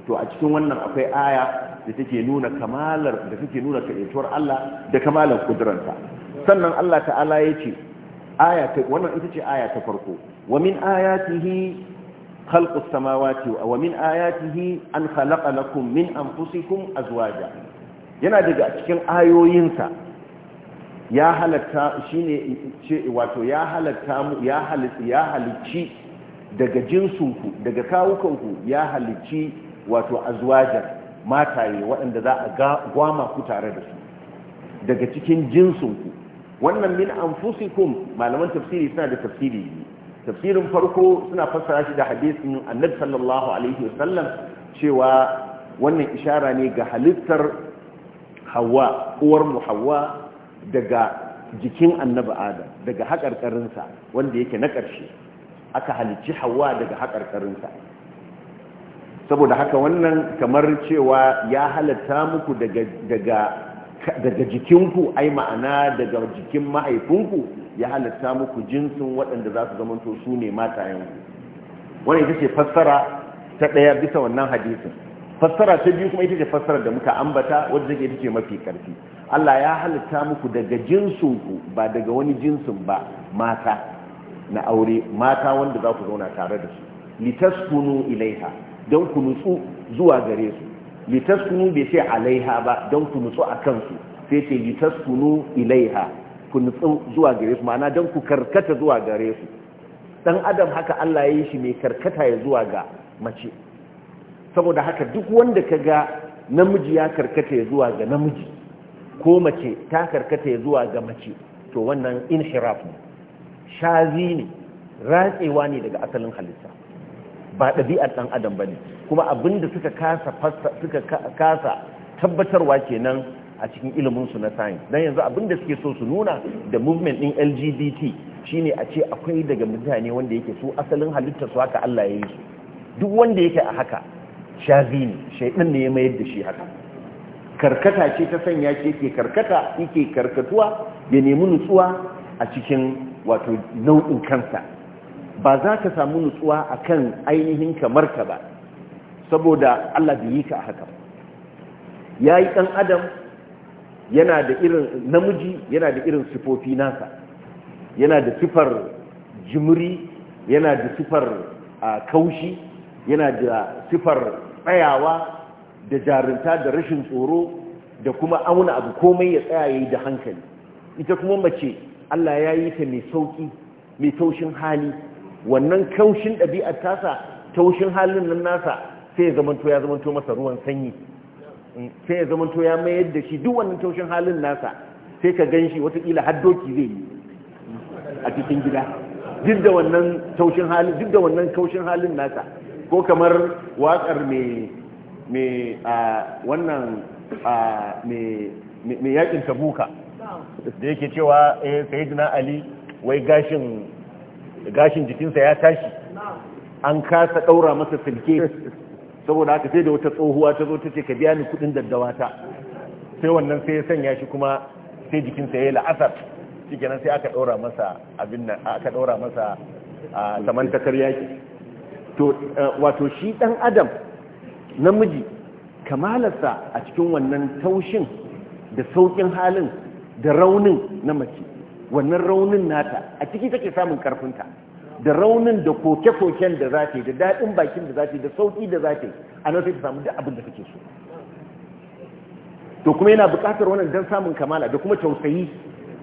to a cikin wannan akwai aya da take nuna kamalar da take nuna kaitowar Allah da kamalar kuduranta sannan Allah ta'ala ya ce wannan ita ce aya ta farko wa min ayatihi khalqus samawati wa min ayatihi an khalaqa lakum min anfusikum azwaja yana daga cikin ayoyinsa ya halatta shine ce wato ya halatta mu ya halitta ya halicci daga jinsinku daga kawukanku ya halicci wato azwajar mataye waɗanda za a gwama ku tare da su daga cikin jinsinku wannan min anfusikum malaman tafsiri suna da tafsiri tafsirin farko suna fassara shi da hadisin annabi sallallahu alaihi wasallam cewa wannan ishara ne ga halittar hawa uwar mu hawa daga jikin annabi adam daga haƙarƙarinsa wanda yake na ƙarshe aka halicci hawa daga haƙarƙarinsa saboda haka wannan kamar cewa ya halatta muku daga jikinku ai ma'ana daga jikin mahaifinku ya halatta muku jinsin waɗanda za su zamanto su ne matayenku wani ita ce fassara ta ɗaya bisa wannan hadisin fassara ta biyu kuma ita ce fassara da muka ambata wadda zai ita ce mafi ƙarfi Allah ya halitta muku daga jinsinku ba daga wani jinsin ba mata na aure mata wanda za ku zauna tare da su litaskunu ilaiha don ku nutsu zuwa gare su litaskunu bai ce alaiha ba don ku nutsu a kansu sai ce litaskunu ilaiha ku nutsu zuwa gare su ma'ana don ku karkata zuwa gare su dan adam haka Allah ya yi shi mai karkata ya zuwa ga mace saboda haka duk wanda ka ga namiji ya karkata ya zuwa ga namiji ko mace ta karkata zuwa ga mace to wannan inhiraf ne shazi ne ratsewa ne daga asalin halitta ba ɗabi'ar ɗan adam ba ne kuma abinda suka kasa suka kasa tabbatarwa kenan a cikin iliminsu na science don yanzu abinda suke so su nuna da movement ɗin lgbt shine a ce akwai daga mutane wanda yake su asalin halittar su haka allah ya yi su duk wanda yake a haka shazi ne shaidan ne ya mayar da shi haka karkata ce ta sanya ce ke karkata yake karkatuwa ya nemi nutsuwa a cikin wato nau'in kansa ba za ka samu nutsuwa a kan ainihin kamar ka ba saboda Allah bai yi ka haka yi ɗan adam yana da irin namiji yana da irin sifofi nasa yana da sifar jimri yana da sifar kaushi yana da sifar tsayawa da jarinta da rashin tsoro da kuma auna abu komai ya tsaya yayi da hankali ita kuma mace Allah ya yi ta mai sauki mai taushin hali wannan kaushin ɗabi'ar tasa taushin halin nan nasa sai ya zamanto ya zamanto masa ruwan sanyi mm, sai ya zamanto ya mayar da shi duk wannan taushin halin nasa sai ka gan shi watakila haddoki zai yi a cikin gida duk da wannan taushin halin duk da wannan kaushin halin nasa ko kamar watsar mai mai wannan mai yakin tabuka da yake cewa eh, sayidina ali wai gashin jikinsa ya tashi an kasa ɗaura masa silke saboda haka sai da wata tsohuwa ta zo ta ce ka biya ni kudin ta, sai wannan sai ya sanya shi kuma sai jikinsa ya yi la'asar shi sai aka ɗaura masa abin nan aka ɗaura masa a samantakar yaki eh, wato shi ɗan adam namiji kamalarsa a cikin wannan taushin da saukin halin da raunin na mace wannan raunin nata a ciki take samun karfinta da raunin da koke-koken da za ta yi da daɗin bakin da za ta yi da sauƙi da za ta yi a nan sai ta samu da abin da take so to kuma yana buƙatar wannan don samun kamala da kuma tausayi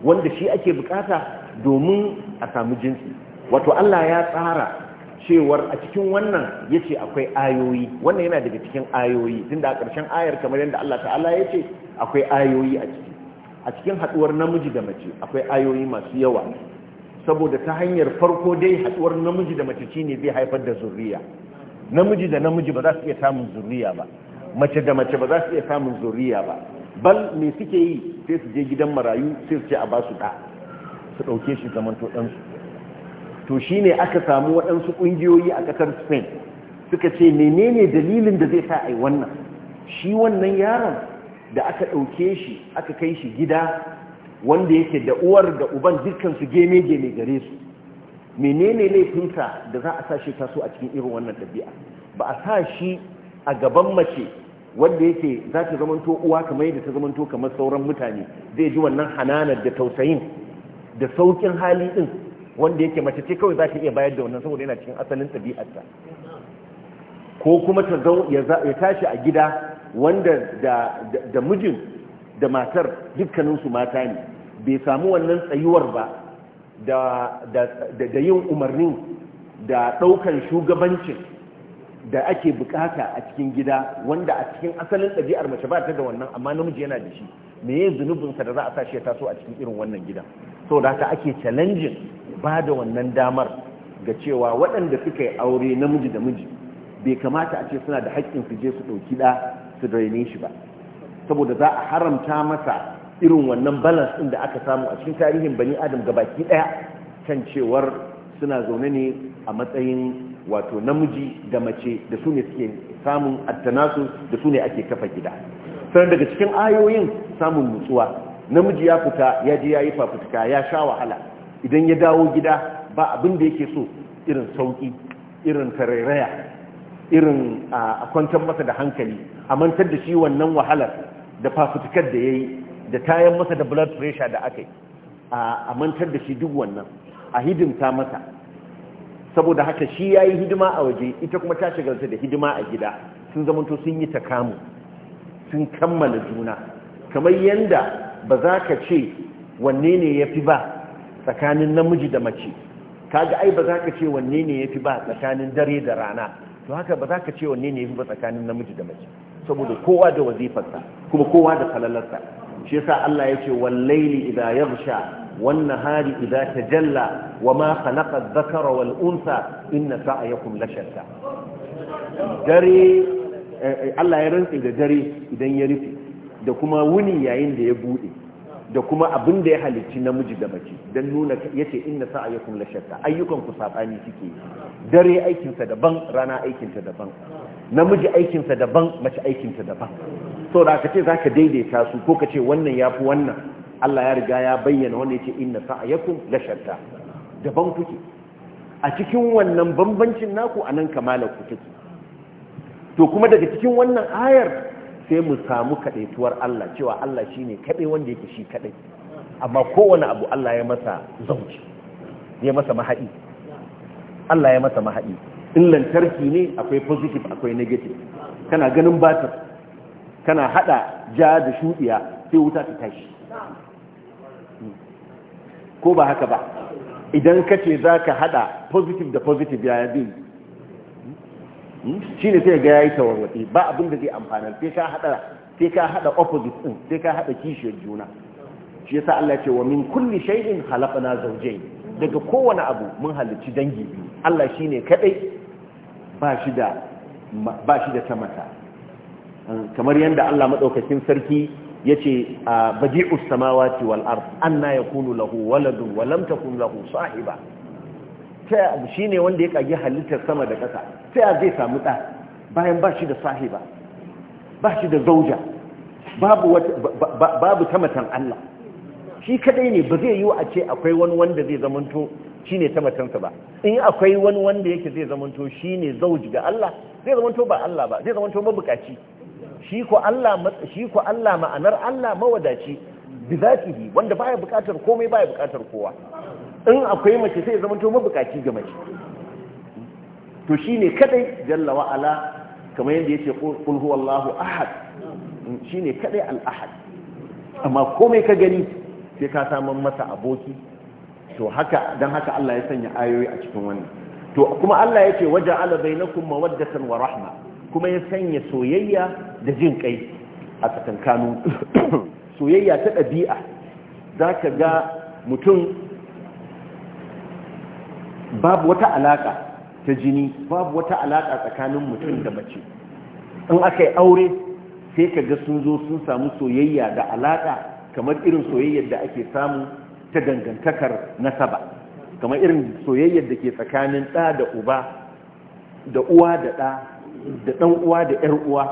wanda shi ake buƙata domin a samu jinsi wato Allah ya tsara cewar a cikin wannan ya ce akwai ayoyi wannan yana daga cikin ayoyi tun da a ƙarshen ayar kamar yadda Allah ta'ala ya ce akwai ayoyi a ciki a cikin haɗuwar namiji da mace akwai ayoyi masu yawa saboda ta hanyar farko dai haɗuwar namiji da mace shine zai haifar da zuriya namiji da namiji ba za su iya samun zuriya ba mace da mace ba za su iya samun zuriya ba bal me suke yi sai su je gidan marayu sai su ce a ba su ɗa su ɗauke shi zamanto ɗansu to shi ne aka samu waɗansu ƙungiyoyi a ƙasar spain suka ce menene dalilin da zai sa a yi wannan shi wannan yaron da aka ɗauke shi aka kai shi gida wanda yake da uwar da uban dukkansu geme-geme gare su menene laifinsa da za a sa shi taso a cikin irin wannan ɗabi'a ba a sa shi a gaban mace wanda yake za ta zamanto uwa kamar yadda ta zamanto kamar sauran mutane zai ji wannan hananar da tausayin da saukin hali ɗin wanda yake mace ce kawai za ta iya bayar da wannan saboda yana cikin asalin ɗabi'arta ko kuma ta zo ya tashi a gida wanda da mijin da matar dukkaninsu mata ne bai samu wannan tsayuwar ba da yin umarnin da ɗaukan shugabancin da ake bukata a cikin gida wanda a cikin asalin ɗabi'ar mace ba ta da wannan amma namiji yana da shi me ya zunubinsa da za a sashe ya taso a cikin irin wannan gidan so da ta ake challenge ba da wannan damar ga cewa waɗanda suka yi aure namiji da miji bai kamata a ce suna da haƙƙin su je su ɗauki ɗa su daine shi ba saboda za a haramta masa irin wannan balance ɗin da aka samu a cikin tarihin bani adam gabaki ɗaya kan cewar suna zaune ne a matsayin wato namiji da mace da su ne suke samun attanasu da su ne ake kafa gida sannan daga cikin ayoyin samun nutsuwa namiji ya fita ya ji ya yi fafutuka ya sha wahala idan ya dawo gida ba abin da yake so irin sauki irin tarairaya irin a kwantar masa da hankali a mantar da shi wannan wahalar da fafutukar da ya yi da tayan masa da blood pressure da aka yi a mantar da shi duk wannan a hidimta masa saboda haka shi ya yi hidima a waje ita kuma ta shigarta da hidima a gida sun zamanto sun yi ta kamu sun kammala juna kamar yadda ba za ka ce wanne ne ya fi ba tsakanin namiji da mace kaga ai ba za ka ce wanne ne ya fi ba tsakanin dare da rana to haka ba za ka ce wanne ne ya fi ba tsakanin namiji da mace saboda kowa da wazifarsa kuma kowa da falalarsa shi yasa Allah ya ce wallaili idha yaghsha wan nahari idha tajalla wama khalaqa adh-dhakara wal unsa inna sa'yakum lashatta dare Allah ya rantse da dare idan ya rufe da kuma wuni yayin da ya bude da kuma abin da ya halicci namiji da mace don nuna yace inna sa'ayakum la shakka ayyukan ku sabani suke dare aikinsa daban rana aikinta daban namiji aikinsa daban mace aikinta daban so da ka ce zaka daidaita su ko ka ce wannan yafi wannan Allah ya riga ya bayyana wanda yace inna sa'ayakum la shakka daban kuke a cikin wannan bambancin naku anan kamalar ku take to kuma daga cikin wannan ayar sai mu samu kaɗaituwar Allah cewa Allah shi ne kaɗai wanda yake shi kaɗai amma kowane abu Allah ya masa zauci ya masa mahaɗi Allah ya masa mahaɗi in lantarki ne akwai positive akwai negative kana ganin batir kana hada ja da shuɗiya sai wuta ta tashi ko ba haka ba idan ka ce za ka hada positive da positive ya yi shi ne sai ga yayi tawarwatsi ba abin da zai amfana sai ka haɗa sai ka opposite sai ka haɗa kishiyar juna shi yasa Allah ce wa min kulli shay'in khalaqna zawjayn daga kowane abu mun halicci dangi biyu Allah shine kadai ba shi da ba shi da ta mata kamar yanda Allah madaukakin sarki yace badi'us samawati wal ard anna yakunu lahu waladun wa lam takun lahu sahiba ta ne wanda ya kage halittar sama da ƙasa ta zai samu ɗa bayan ba shi da sahiba ba shi da zauja babu tamatan Allah shi kadai ne ba zai yi a ce akwai wani wanda zai zamanto shi ne tamatansa ba in akwai wani wanda yake zai zamanto shi ne zauji ga Allah zai zamanto ba Allah ba zai zamanto mabukaci shi ko Allah ma'anar Allah mawadaci bi zatihi wanda baya bukatar komai baya bukatar kowa in akwai mace sai zama to mabukaci ga mace to shine kadai jalla wa ala kamar yadda yace kulhu huwallahu ahad mm, shine kadai al amma komai ka gani sai ka saman masa aboki to haka dan haka Allah ya sanya ayoyi a cikin wannan to kuma Allah ya yace waja'ala bainakum mawaddatan wa rahma kuma ya sanya soyayya da jin kai a tsakankanu soyayya ta dabi'a zaka ga mutum babu wata alaka ta jini babu wata alaka tsakanin mutum da mace in aka yi aure sai ka ga sun zo sun samu soyayya da alaka kamar irin soyayyar da ake samu ta dangantakar nasaba kamar irin soyayyar da ke tsakanin ɗa da uba da uwa da ɗa da ɗan uwa da ‘yar uwa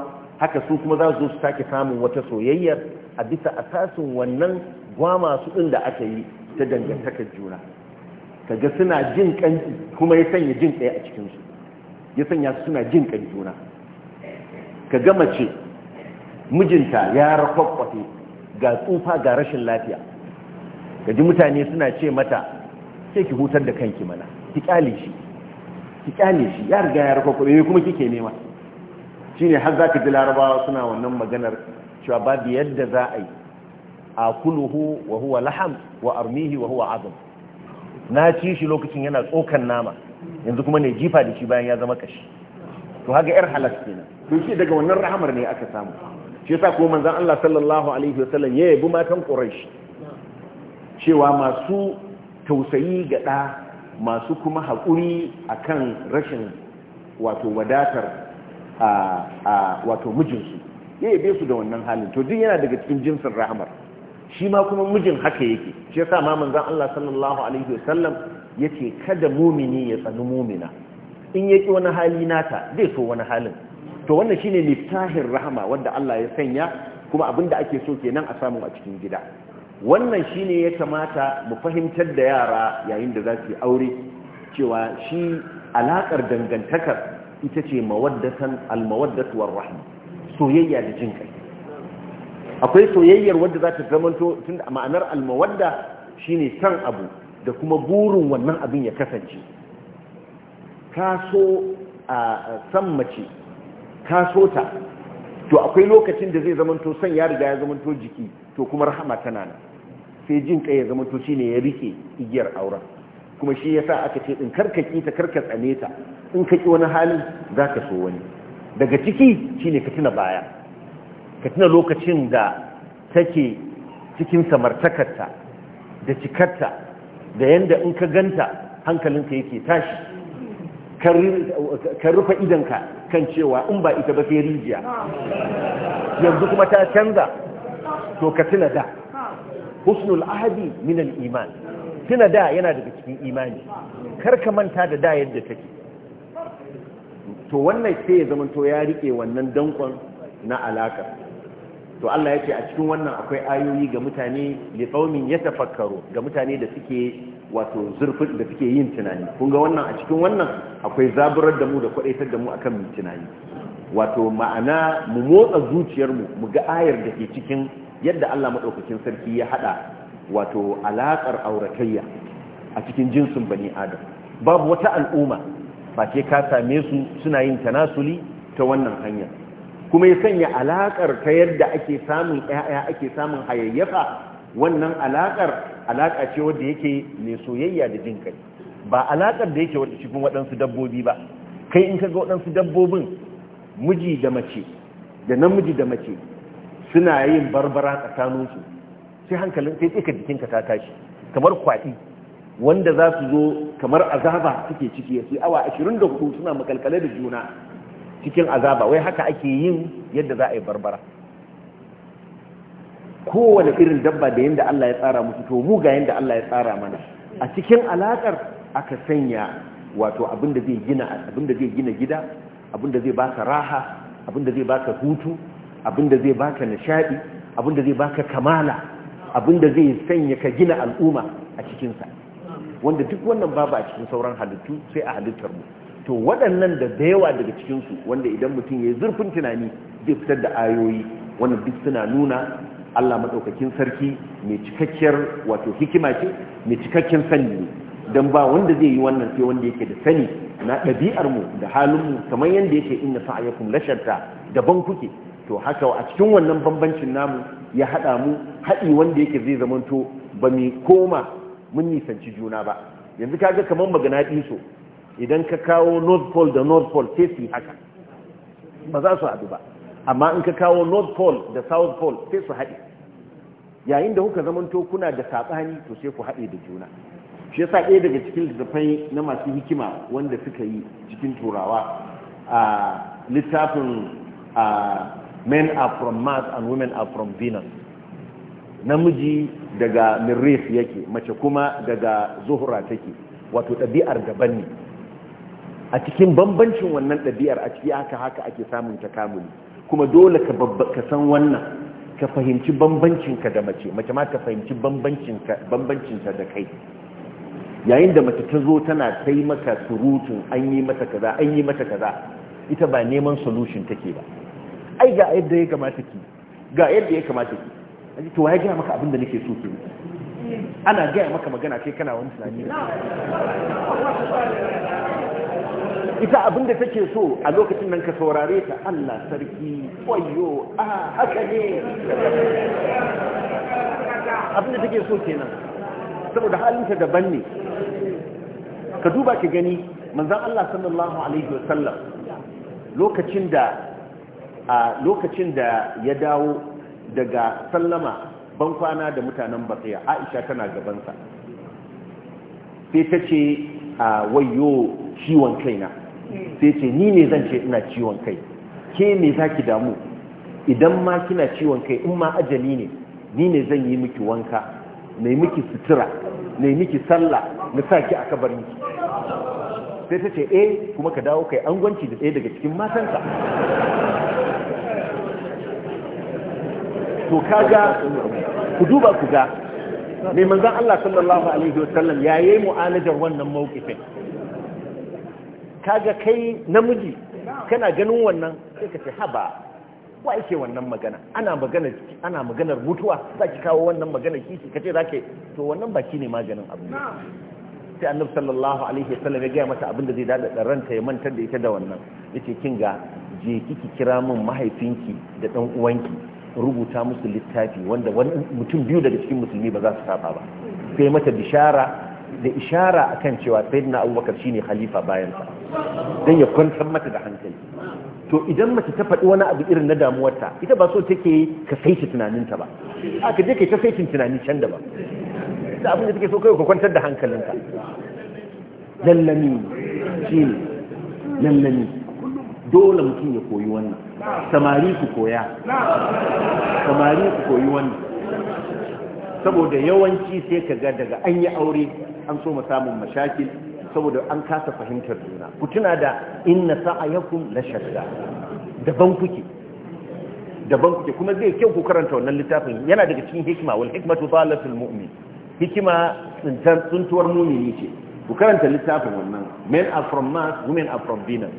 haka su kuma za su zo su sake samun wata soyayyar a bisa asasin wannan gwama su ɗin da aka yi ta dangantakar juna kaga suna jin kan kuma ya sanya jin ɗaya a cikinsu ya sanya su suna jin kan juna kaga mace mijinta ya rakwakwafe ga tsufa ga rashin lafiya kaji mutane suna ce mata sai ki hutar da kanki mana ki kyale shi ki kyale shi ya riga ya rakwakwafe kuma kike nema shine har zaka ji larabawa suna wannan maganar cewa babu yadda za a yi akuluhu wa huwa laham wa armihi wa huwa azam na ci shi lokacin yana tsokan nama yanzu kuma ne jifa da shi bayan ya zama kashi to haka yar halas kenan to shi daga wannan rahamar ne aka samu shi yasa ko manzon Allah sallallahu alaihi wasallam ya yabi matan Quraysh cewa masu tausayi ga ɗa masu kuma haƙuri akan rashin wato wadatar a wato mijinsu ya yabe su da wannan halin to duk yana daga cikin jinsin rahamar shi ma kuma mijin haka yake shi yasa ma manzon Allah sallallahu alaihi wasallam yace kada mumini ya tsani mumina in yake wani hali nata zai so wani halin to wannan shine liftahir rahma wanda Allah ya sanya kuma abinda ake so kenan a samu a cikin gida wannan shine ya kamata mu fahimtar da yara yayin da za su yi aure cewa shi alakar dangantakar ita ce mawaddatan almawaddatu warahma soyayya da jin kai akwai soyayyar wadda za ta zamanto tun da ma'anar almawadda shine san abu da kuma burin wannan abin ya kasance ka so a san mace ka so ta to akwai lokacin da zai zamanto san ya riga ya zamanto jiki to kuma rahama tana nan sai jin kai ya zamanto shine ya rike igiyar auren kuma shi yasa aka ce in karkaki ta karka tsane ta in kaki wani hali ka so wani daga ciki shine ka tuna baya ka tuna lokacin da take cikin samartakarta da cikarta da yadda in ka ganta hankalinka yake tashi ka rufe idanka kan cewa in ba ita ba sai rijiya yanzu kuma ta canza to ka tuna da husnul ahadi min al-iman tuna da yana daga cikin imani kar ka manta da da yadda take to wannan sai ya zama to ya rike wannan dankon na alaka to Allah ya ce a cikin wannan akwai ayoyi ga mutane li qaumin yatafakkaru ga mutane da suke wato zurfin da suke yin tunani kun ga wannan a cikin wannan akwai zaburar da mu da kwadaitar da mu akan tunani wato ma'ana mu motsa zuciyar mu mu ga ayar da ke cikin yadda Allah madaukakin sarki ya hada wato alaƙar auratayya a cikin jinsin bani adam babu wata al'umma ba ce ka same su suna yin tanasuli ta wannan hanyar kuma ya sanya alakar ta yadda ake samun ƴaƴa ake samun hayayyafa wannan alakar alaƙa ce wadda yake mai soyayya da jin kai ba alaƙar da yake wadda cikin waɗansu dabbobi ba kai in kaga waɗansu dabbobin miji da mace da namiji da mace suna yin barbara tsakaninsu sai hankalin sai tsika jikinka ta tashi kamar kwaɗi wanda za su zo kamar azaba suke ciki sai awa 24 suna makalkale da juna cikin azaba wai haka ake yin yadda za a yi barbara kowane irin dabba da yadda Allah ya tsara musu to mu ga yadda Allah ya tsara mana a cikin alakar aka sanya wato abinda zai gina abinda zai gina gida abinda zai baka raha abinda zai baka hutu abinda zai baka nishadi abinda zai baka kamala abinda zai sanya ka gina al'umma a cikinsa wanda duk wannan babu a cikin sauran halittu sai a halittar mu to waɗannan da da yawa daga cikinsu wanda idan mutum ya yi zurfin tunani zai fitar da ayoyi wanda duk suna nuna Allah maɗaukakin sarki mai cikakkiyar wato hikima ce mai cikakken sani ne don ba wanda zai yi wannan sai wanda yake da sani na ɗabi'armu da halin mu kamar yadda yake inna sa'ayakum lasharta daban kuke to haka a cikin wannan bambancin namu ya haɗa mu haɗi wanda yake zai zamanto ba mu koma mun nisanci juna ba yanzu kaga kamar magana ɗiso idan ka kawo north pole da north pole sai su haka ba za su haɗu ba amma in ka kawo north pole da south pole sai su haɗe yayin da kuka zamanto kuna da saɓani to sai ku haɗe da juna shi yasa ɗaya daga cikin littattafai na masu hikima wanda suka yi cikin turawa a littafin men are from mars and women are from venus namiji daga mirif yake mace kuma daga zuhura take wato ɗabi'ar daban ne a cikin bambancin wannan ɗabi'ar a ciki haka haka ake samun takamuli kuma dole ka san wannan ka fahimci bambancinka da mace mace ma ka fahimci bambancinta da kai yayin da mace ta zo tana sai maka surutun an yi mata kaza an yi mata kaza ita ba neman solution take ba ai ga yadda ya kamata ki ga yadda ya kamata ki aji to ya gaya maka abinda nake so ki ana gaya maka magana kai kana wani tunani ita abin da take so a lokacin nan ka saurare ta Allah sarki koyo a haka ne abin da take so kenan saboda halinta daban ne ka duba ka gani manzan Allah sallallahu alaihi wasallam lokacin da a lokacin da ya dawo daga sallama bankwana da mutanen batsiya Aisha tana gabansa sai ta ce a wayo ciwon kaina sai ce ni ne zan ce ina ciwon kai ke ne za ki damu idan ma kina ciwon kai in ma ajali ne ni ne zan yi miki wanka na yi miki sutura na miki sallah na sa ki a kabarin ki sai ta ce eh kuma ka dawo kai angwanci da ɗaya daga cikin matanka to kaga ku duba ku ga mai manzan Allah sallallahu alaihi wasallam yayi mu'alajar wannan mawqifin kaga kai namiji kana ganin wannan sai ka ce haba wa yake wannan magana ana magana ana maganar mutuwa za ki kawo wannan magana kishi kace za ki to wannan ba shine maganin abu ne sai annabi sallallahu alaihi wasallam ya gaya mata abin da zai dada ranta ya mantar da ita da wannan yace kin ga je kiki kira min mahaifinki da dan uwanki rubuta musu littafi wanda wani mutum biyu daga cikin musulmi ba za su saba ba sai mata bishara da ishara akan cewa sayyidina abubakar shine khalifa bayan sa don ya kwantar mata da hankali to idan mace ta faɗi wani abu irin na damuwarta ita ba so take ka saiti tunaninta ba a ka je ka ta saitin tunanin can da ba ta abin da take so kai ka kwantar da hankalinka lallami shi ne lallami dole mutum ya koyi wannan samari ku koya samari ku koyi wannan saboda yawanci sai ka ga daga an yi aure an so mu samun mashakil saboda an kasa fahimtar juna ku tuna da inna sa'ayakum la shadda daban kuke daban kuke kuma zai kyau ku karanta wannan littafin yana daga cikin hikima wal hikmatu talatul mu'min hikima tsintar tsuntuwar mumini ce ku karanta littafin wannan men are from mars women are from venus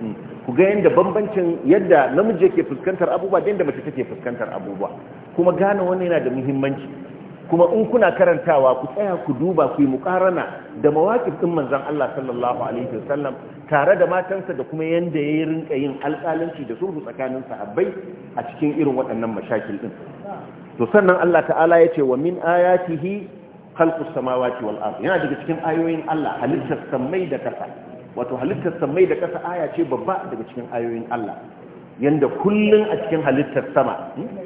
hmm. ku ga yadda bambancin yadda namiji yake fuskantar abubuwa da yadda mace take fuskantar abubuwa kuma gane wannan yana da muhimmanci kuma in kuna karantawa ku tsaya ku duba ku yi mukarana da mawaƙif ɗin manzon Allah sallallahu alaihi wasallam tare da matansa da kuma yanda ya yi rinka yin alƙalanci da sulhu tsakanin sahabbai a cikin irin waɗannan mashakil ɗin to sannan Allah ta'ala ya ce wa min ayatihi khalqus samawati wal ardh yana daga cikin ayoyin Allah halittar samai da ƙasa wato halittar samai da ƙasa aya ce babba daga cikin ayoyin Allah yanda kullun a cikin halittar sama hmm?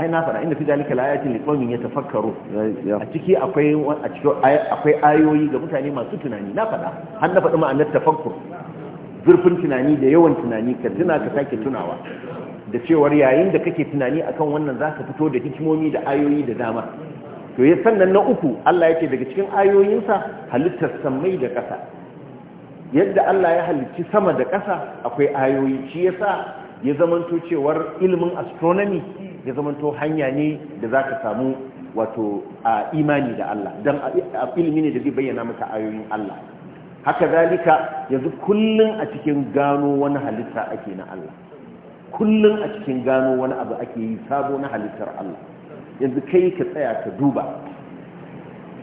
ai na faɗa inda fi zalika layatin liqawmin yatafakkaru a ciki akwai a ciki akwai ayoyi ga mutane masu tunani na faɗa har na faɗi ma'anar tafakkur zurfin tunani da yawan tunani ka tuna ka sake tunawa da cewar yayin da kake tunani akan wannan zaka fito da hikimomi da ayoyi da dama to ya sannan na uku Allah yake daga cikin ayoyinsa halittar samai da ƙasa yadda Allah ya halicci sama da ƙasa akwai ayoyi shi yasa ya zamanto cewar ilimin astronomy ya zamanto hanya ne da za ka samu wato a imani da Allah don a ilimi ne da zai bayyana maka ayoyin Allah haka zalika yanzu kullum a cikin gano wani halitta ake na Allah kullum a cikin gano wani abu ake yi sabo na halittar Allah yanzu kai ka tsaya ka duba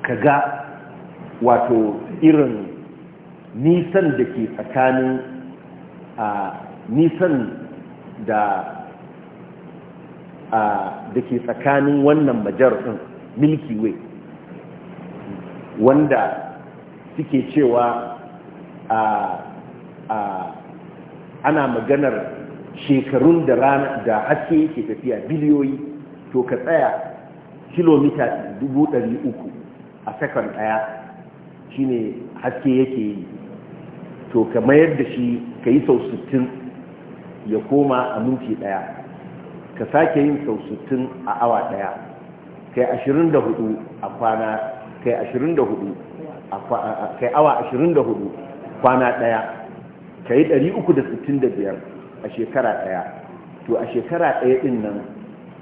ka ga wato irin nisan da ke tsakanin a nisan da da ke tsakanin wannan majar ɗin milky way wanda suke cewa ana maganar shekarun da rana da haske yake tafiya biliyoyi to ka tsaya kilomita 300 a sakon ɗaya shine haske yake yi to ka mayar da shi ka yi sau 60 ya koma a minti ɗaya ka sake yin sau 60 a awa daya kai 24 a kwana kai 24 kai awa 24 kwana daya kai 365 a shekara daya to a shekara daya din nan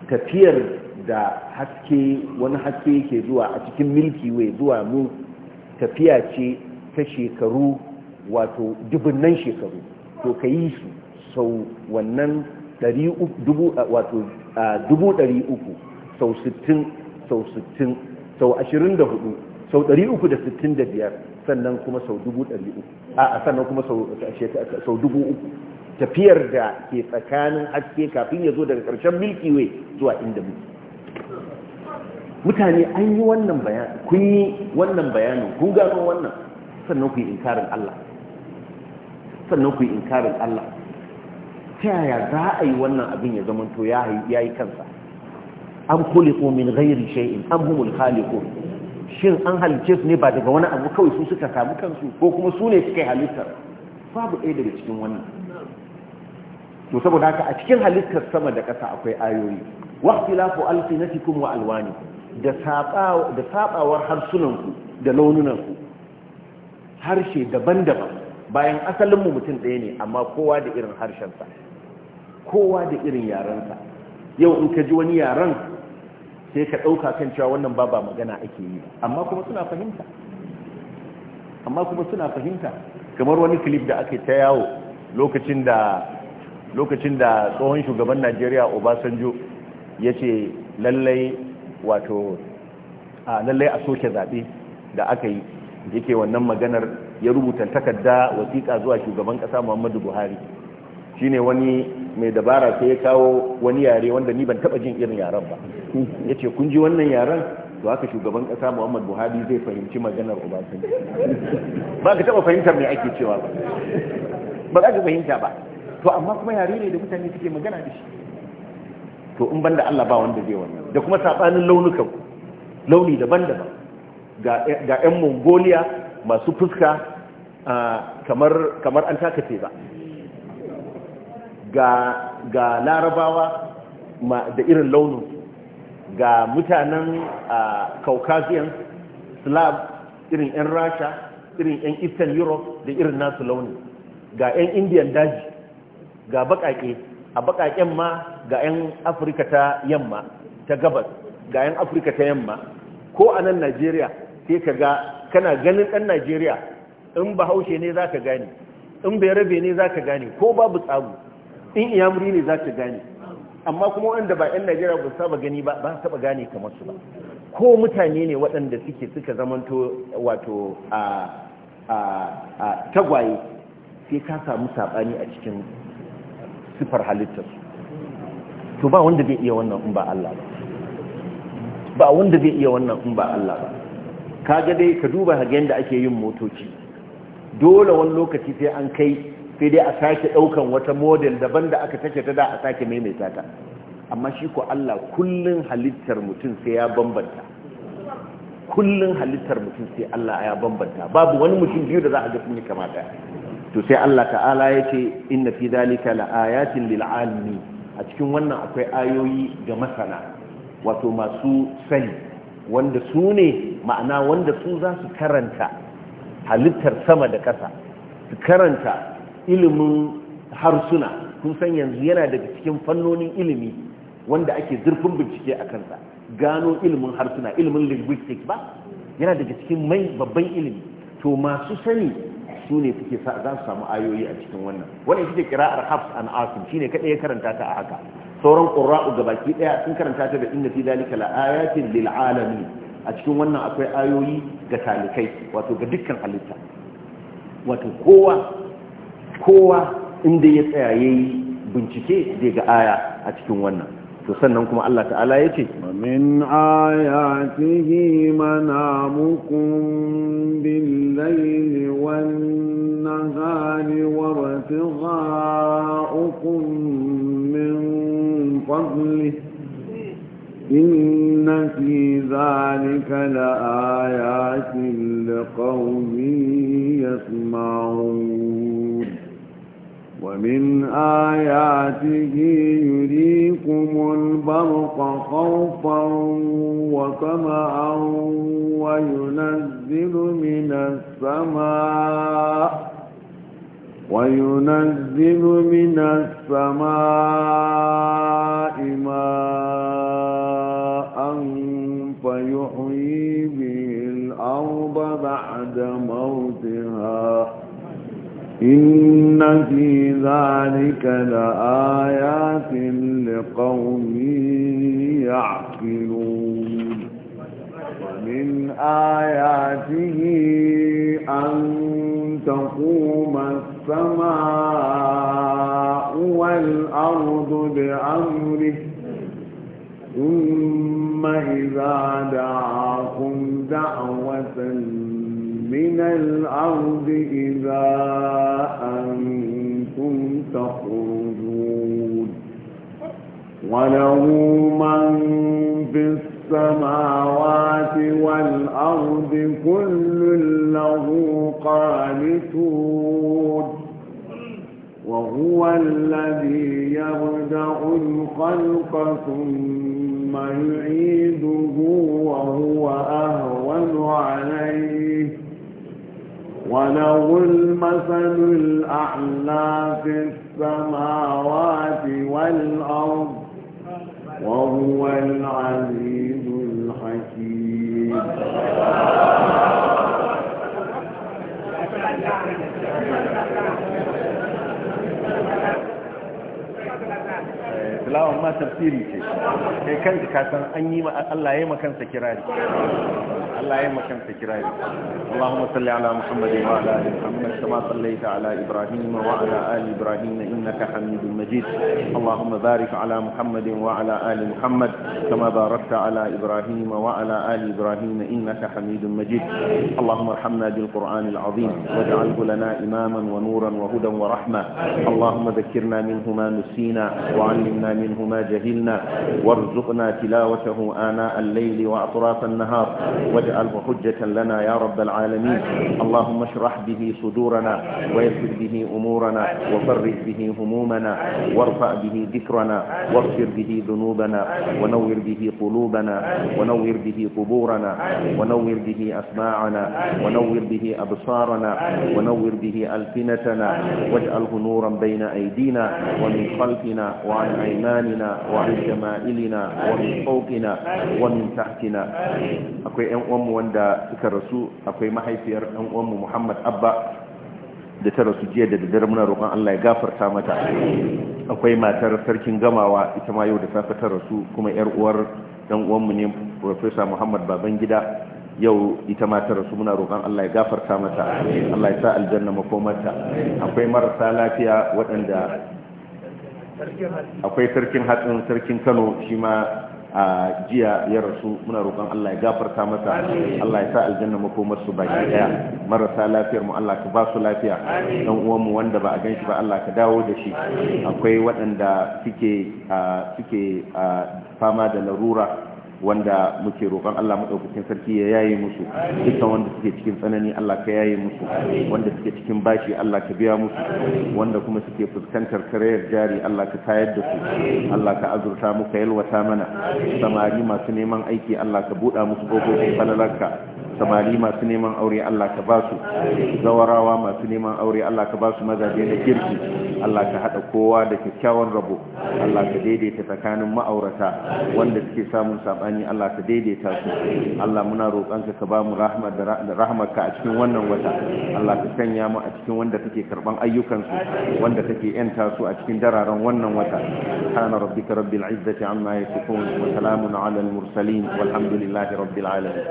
tafiyar da haske wani haske yake zuwa a cikin milki wai zuwa mu tafiya ce ta shekaru wato dubunnan shekaru to ka yi su sau wannan dubu ɗari uku sau sittin sau sittin sau ashirin da hudu sau ɗari uku da sittin da biyar sannan kuma sau dubu ɗari uku a sannan kuma sau dubu uku tafiyar da ke tsakanin haske kafin ya zo daga ƙarshen milky way zuwa inda muke mutane an yi wannan bayanin kun yi wannan bayanin kun gano wannan sannan ku yi inkarin Allah sannan ku yi inkarin Allah ta yaya za a yi wannan abin ya zama to ya yi kansa an kuliko min gairi shay'in an humul kaliko shin an halice su ne ba daga wani abu kawai su suka samu kansu ko kuma su ne suka yi halittar babu ɗaya daga cikin wannan to saboda haka a cikin halittar sama da ƙasa akwai ayoyi lafi alfi na cikin da alwani da sabawar harsunanku da launinanku harshe daban-daban bayan asalinmu mutum ɗaya ne amma kowa da irin harshensa kowa da irin yarensa yau in ka ji wani yaren sai ka ɗauka kan cewa wannan ba magana ake yi amma kuma suna fahimta amma kuma suna fahimta kamar wani clip da aka ta yawo lokacin da lokacin da tsohon shugaban najeriya obasanjo ya ce lallai wato a lallai a soke zaɓe da aka yi yake wannan maganar ya rubuta takarda wasiƙa zuwa shugaban ƙasa muhammadu buhari shine wani mai dabara sai ya kawo wani yare wanda ni ban taba jin irin yaren ba ya ce kun ji wannan yaren to haka shugaban kasa muhammad buhari zai fahimci maganar obasanjo ba ka taba fahimtar mai ake cewa ba ba za ka fahimta ba to amma kuma yare ne da mutane suke magana da shi to in banda allah ba wanda zai wannan da kuma sabanin launuka launi daban-daban ga 'yan mongolia masu fuska kamar an taka ba ga larabawa da irin launin ga mutanen a caucasian slav irin 'yan rasha irin 'yan eastern europe da irin nasu launin ga 'yan indian daji ga bakake a bakaken ma ga 'yan afirka ta yamma ta gabas ga 'yan afirka ta yamma ko a nan najeriya sai ka ga kana ganin ɗan najeriya in bahaushe ne za ka gane in bai rabe ne za ka gane ko babu tsagu in iyamuri ne za ta gane amma kuma wanda ba 'yan najeriya ba saba gani ba ba saba gane kamar su ba ko mutane ne waɗanda suke suka zamanto wato a tagwaye sai ka samu saɓani a cikin sifar halittarsu to ba wanda zai iya wannan in ba Allah ba ba wanda zai iya wannan in ba Allah ba ga dai ka duba hagen da ake yin motoci dole wani lokaci sai an kai sai dai a sake ɗaukan wata model daban da aka take ta da a sake maimaita ta amma shi ko Allah kullun halittar mutum sai ya bambanta kullun halittar mutum sai Allah ya bambanta babu wani mutum biyu da za a ga sun yi kama daya to sai Allah ta'ala ya ce inna fi dalika laayatin lil alimi a cikin wannan akwai ayoyi ga masana wato masu sani wanda su ne ma'ana wanda su za su karanta halittar sama da ƙasa su karanta ilimin harsuna kun san yanzu yana daga cikin fannonin ilimi wanda ake zurfin bincike a kansa gano ilimin harsuna ilimin linguistics ba yana daga cikin mai babban ilimi to masu sani su ne suke za su samu ayoyi a cikin wannan wani suke kira a hafs an asim shi ne kaɗai ya karanta ta a haka sauran ƙura'u baki ɗaya sun karanta ta da inda fi dalika la ayatin a cikin wannan akwai ayoyi ga talikai wato ga dukkan halitta wato kowa kowa inda ya tsaya yayi bincike zai ga aya a cikin wannan to sannan kuma Allah ta'ala ya ce min ayatihi manamukum bil-laili wan-nahari wa ratighaa'ukum min inna fi zalika la ayatin liqawmin yasma'un ومن آياته يريكم البرق خوفا وطمعا وينزل من السماء وينزل من السماء ماء فيحيي به الأرض بعد موتها إن في ذلك لآيات لقوم يعقلون ومن آياته أن تقوم السماء والأرض بأمره ثم إذا دعاكم دعوة من الأرض إذا أنتم تخرجون وله من في السماوات والأرض كل له قانتون وهو الذي يبدأ الخلق ثم يعيده وهو أهون عليه وله المثل الأعلى في السماوات والأرض وهو العزيز الحكيم tilawar ma tafsiri ce kai kanka ka san an yi Allah ya yi makansa kirari Allah ya yi makansa kirari Allahumma salli ala wa ala ali Muhammad kama sallaita ala Ibrahim wa ala ali Ibrahim innaka Hamidum Majid Allahumma barik ala wa ala ali Muhammad kama barakta ala Ibrahim wa ala ali Ibrahim innaka Hamidum Majid Allahumma arhamna bil Qur'an al-azim waj'alhu lana imaman wa nuran wa hudan wa rahma Allahumma dhakkirna minhu ma nusina wa 'allimna منه ما جهلنا وارزقنا تلاوته آناء الليل وأطراف النهار واجعله حجة لنا يا رب العالمين اللهم اشرح به صدورنا ويسر به أمورنا وفرج به همومنا وارفع به ذكرنا واغفر به ذنوبنا ونور به قلوبنا ونور به قبورنا ونور به أسماعنا ونور به أبصارنا ونور به ألسنتنا واجعله نورا بين أيدينا ومن خلفنا وعن عيننا ايماننا وعن شمائلنا ومن فوقنا ومن تحتنا ان أن وندا سكا رسو اكوي محي ان أم محمد ابا da ta rasu jiya da daddare muna roƙon Allah ya gafarta mata akwai matar sarkin gamawa ita ma yau da safe ta rasu kuma yar uwar dan uwanmu ne Professor Muhammad Babangida yau ita ma ta rasu muna roƙon Allah ya gafarta mata Allah ya sa aljanna makomarta akwai marasa lafiya waɗanda akwai sarkin hatsin sarkin kano shi ma a jiya ya rasu muna roƙon Allah ya gafarta masa Allah ya sa aljanna makomar su baki daya marasa lafiyar mu Allah ka ba su lafiya dan uwan mu wanda ba a ganshi ba Allah ka dawo da shi akwai waɗanda suke suke fama da larura wanda muke roƙon Allah maɗaukakin sarki ya yaye musu dukkan wanda suke cikin tsanani Allah ka yaye musu wanda suke cikin bashi Allah ka biya musu wanda kuma suke fuskantar karayar jari Allah ka tayar da su Allah ka azurta mu ka yalwata mana samari masu neman aiki Allah ka buɗa musu kofofin falalarka samari masu neman aure Allah ka ba su zawarawa masu neman aure Allah ka ba su mazaje da kirki Allah ka haɗa kowa da kyakkyawan rabo Allah ka daidaita tsakanin ma'aurata wanda suke samun saɓani tsakani Allah ka daidaita su Allah muna roƙonka ka ba mu rahmarka a cikin wannan wata Allah ka sanya mu a cikin wanda take karban ayyukansu wanda take yanta su a cikin dararen wannan wata subhana rabbika rabbil izzati amma yasifun wa salamun ala al mursalin walhamdulillahi rabbil alamin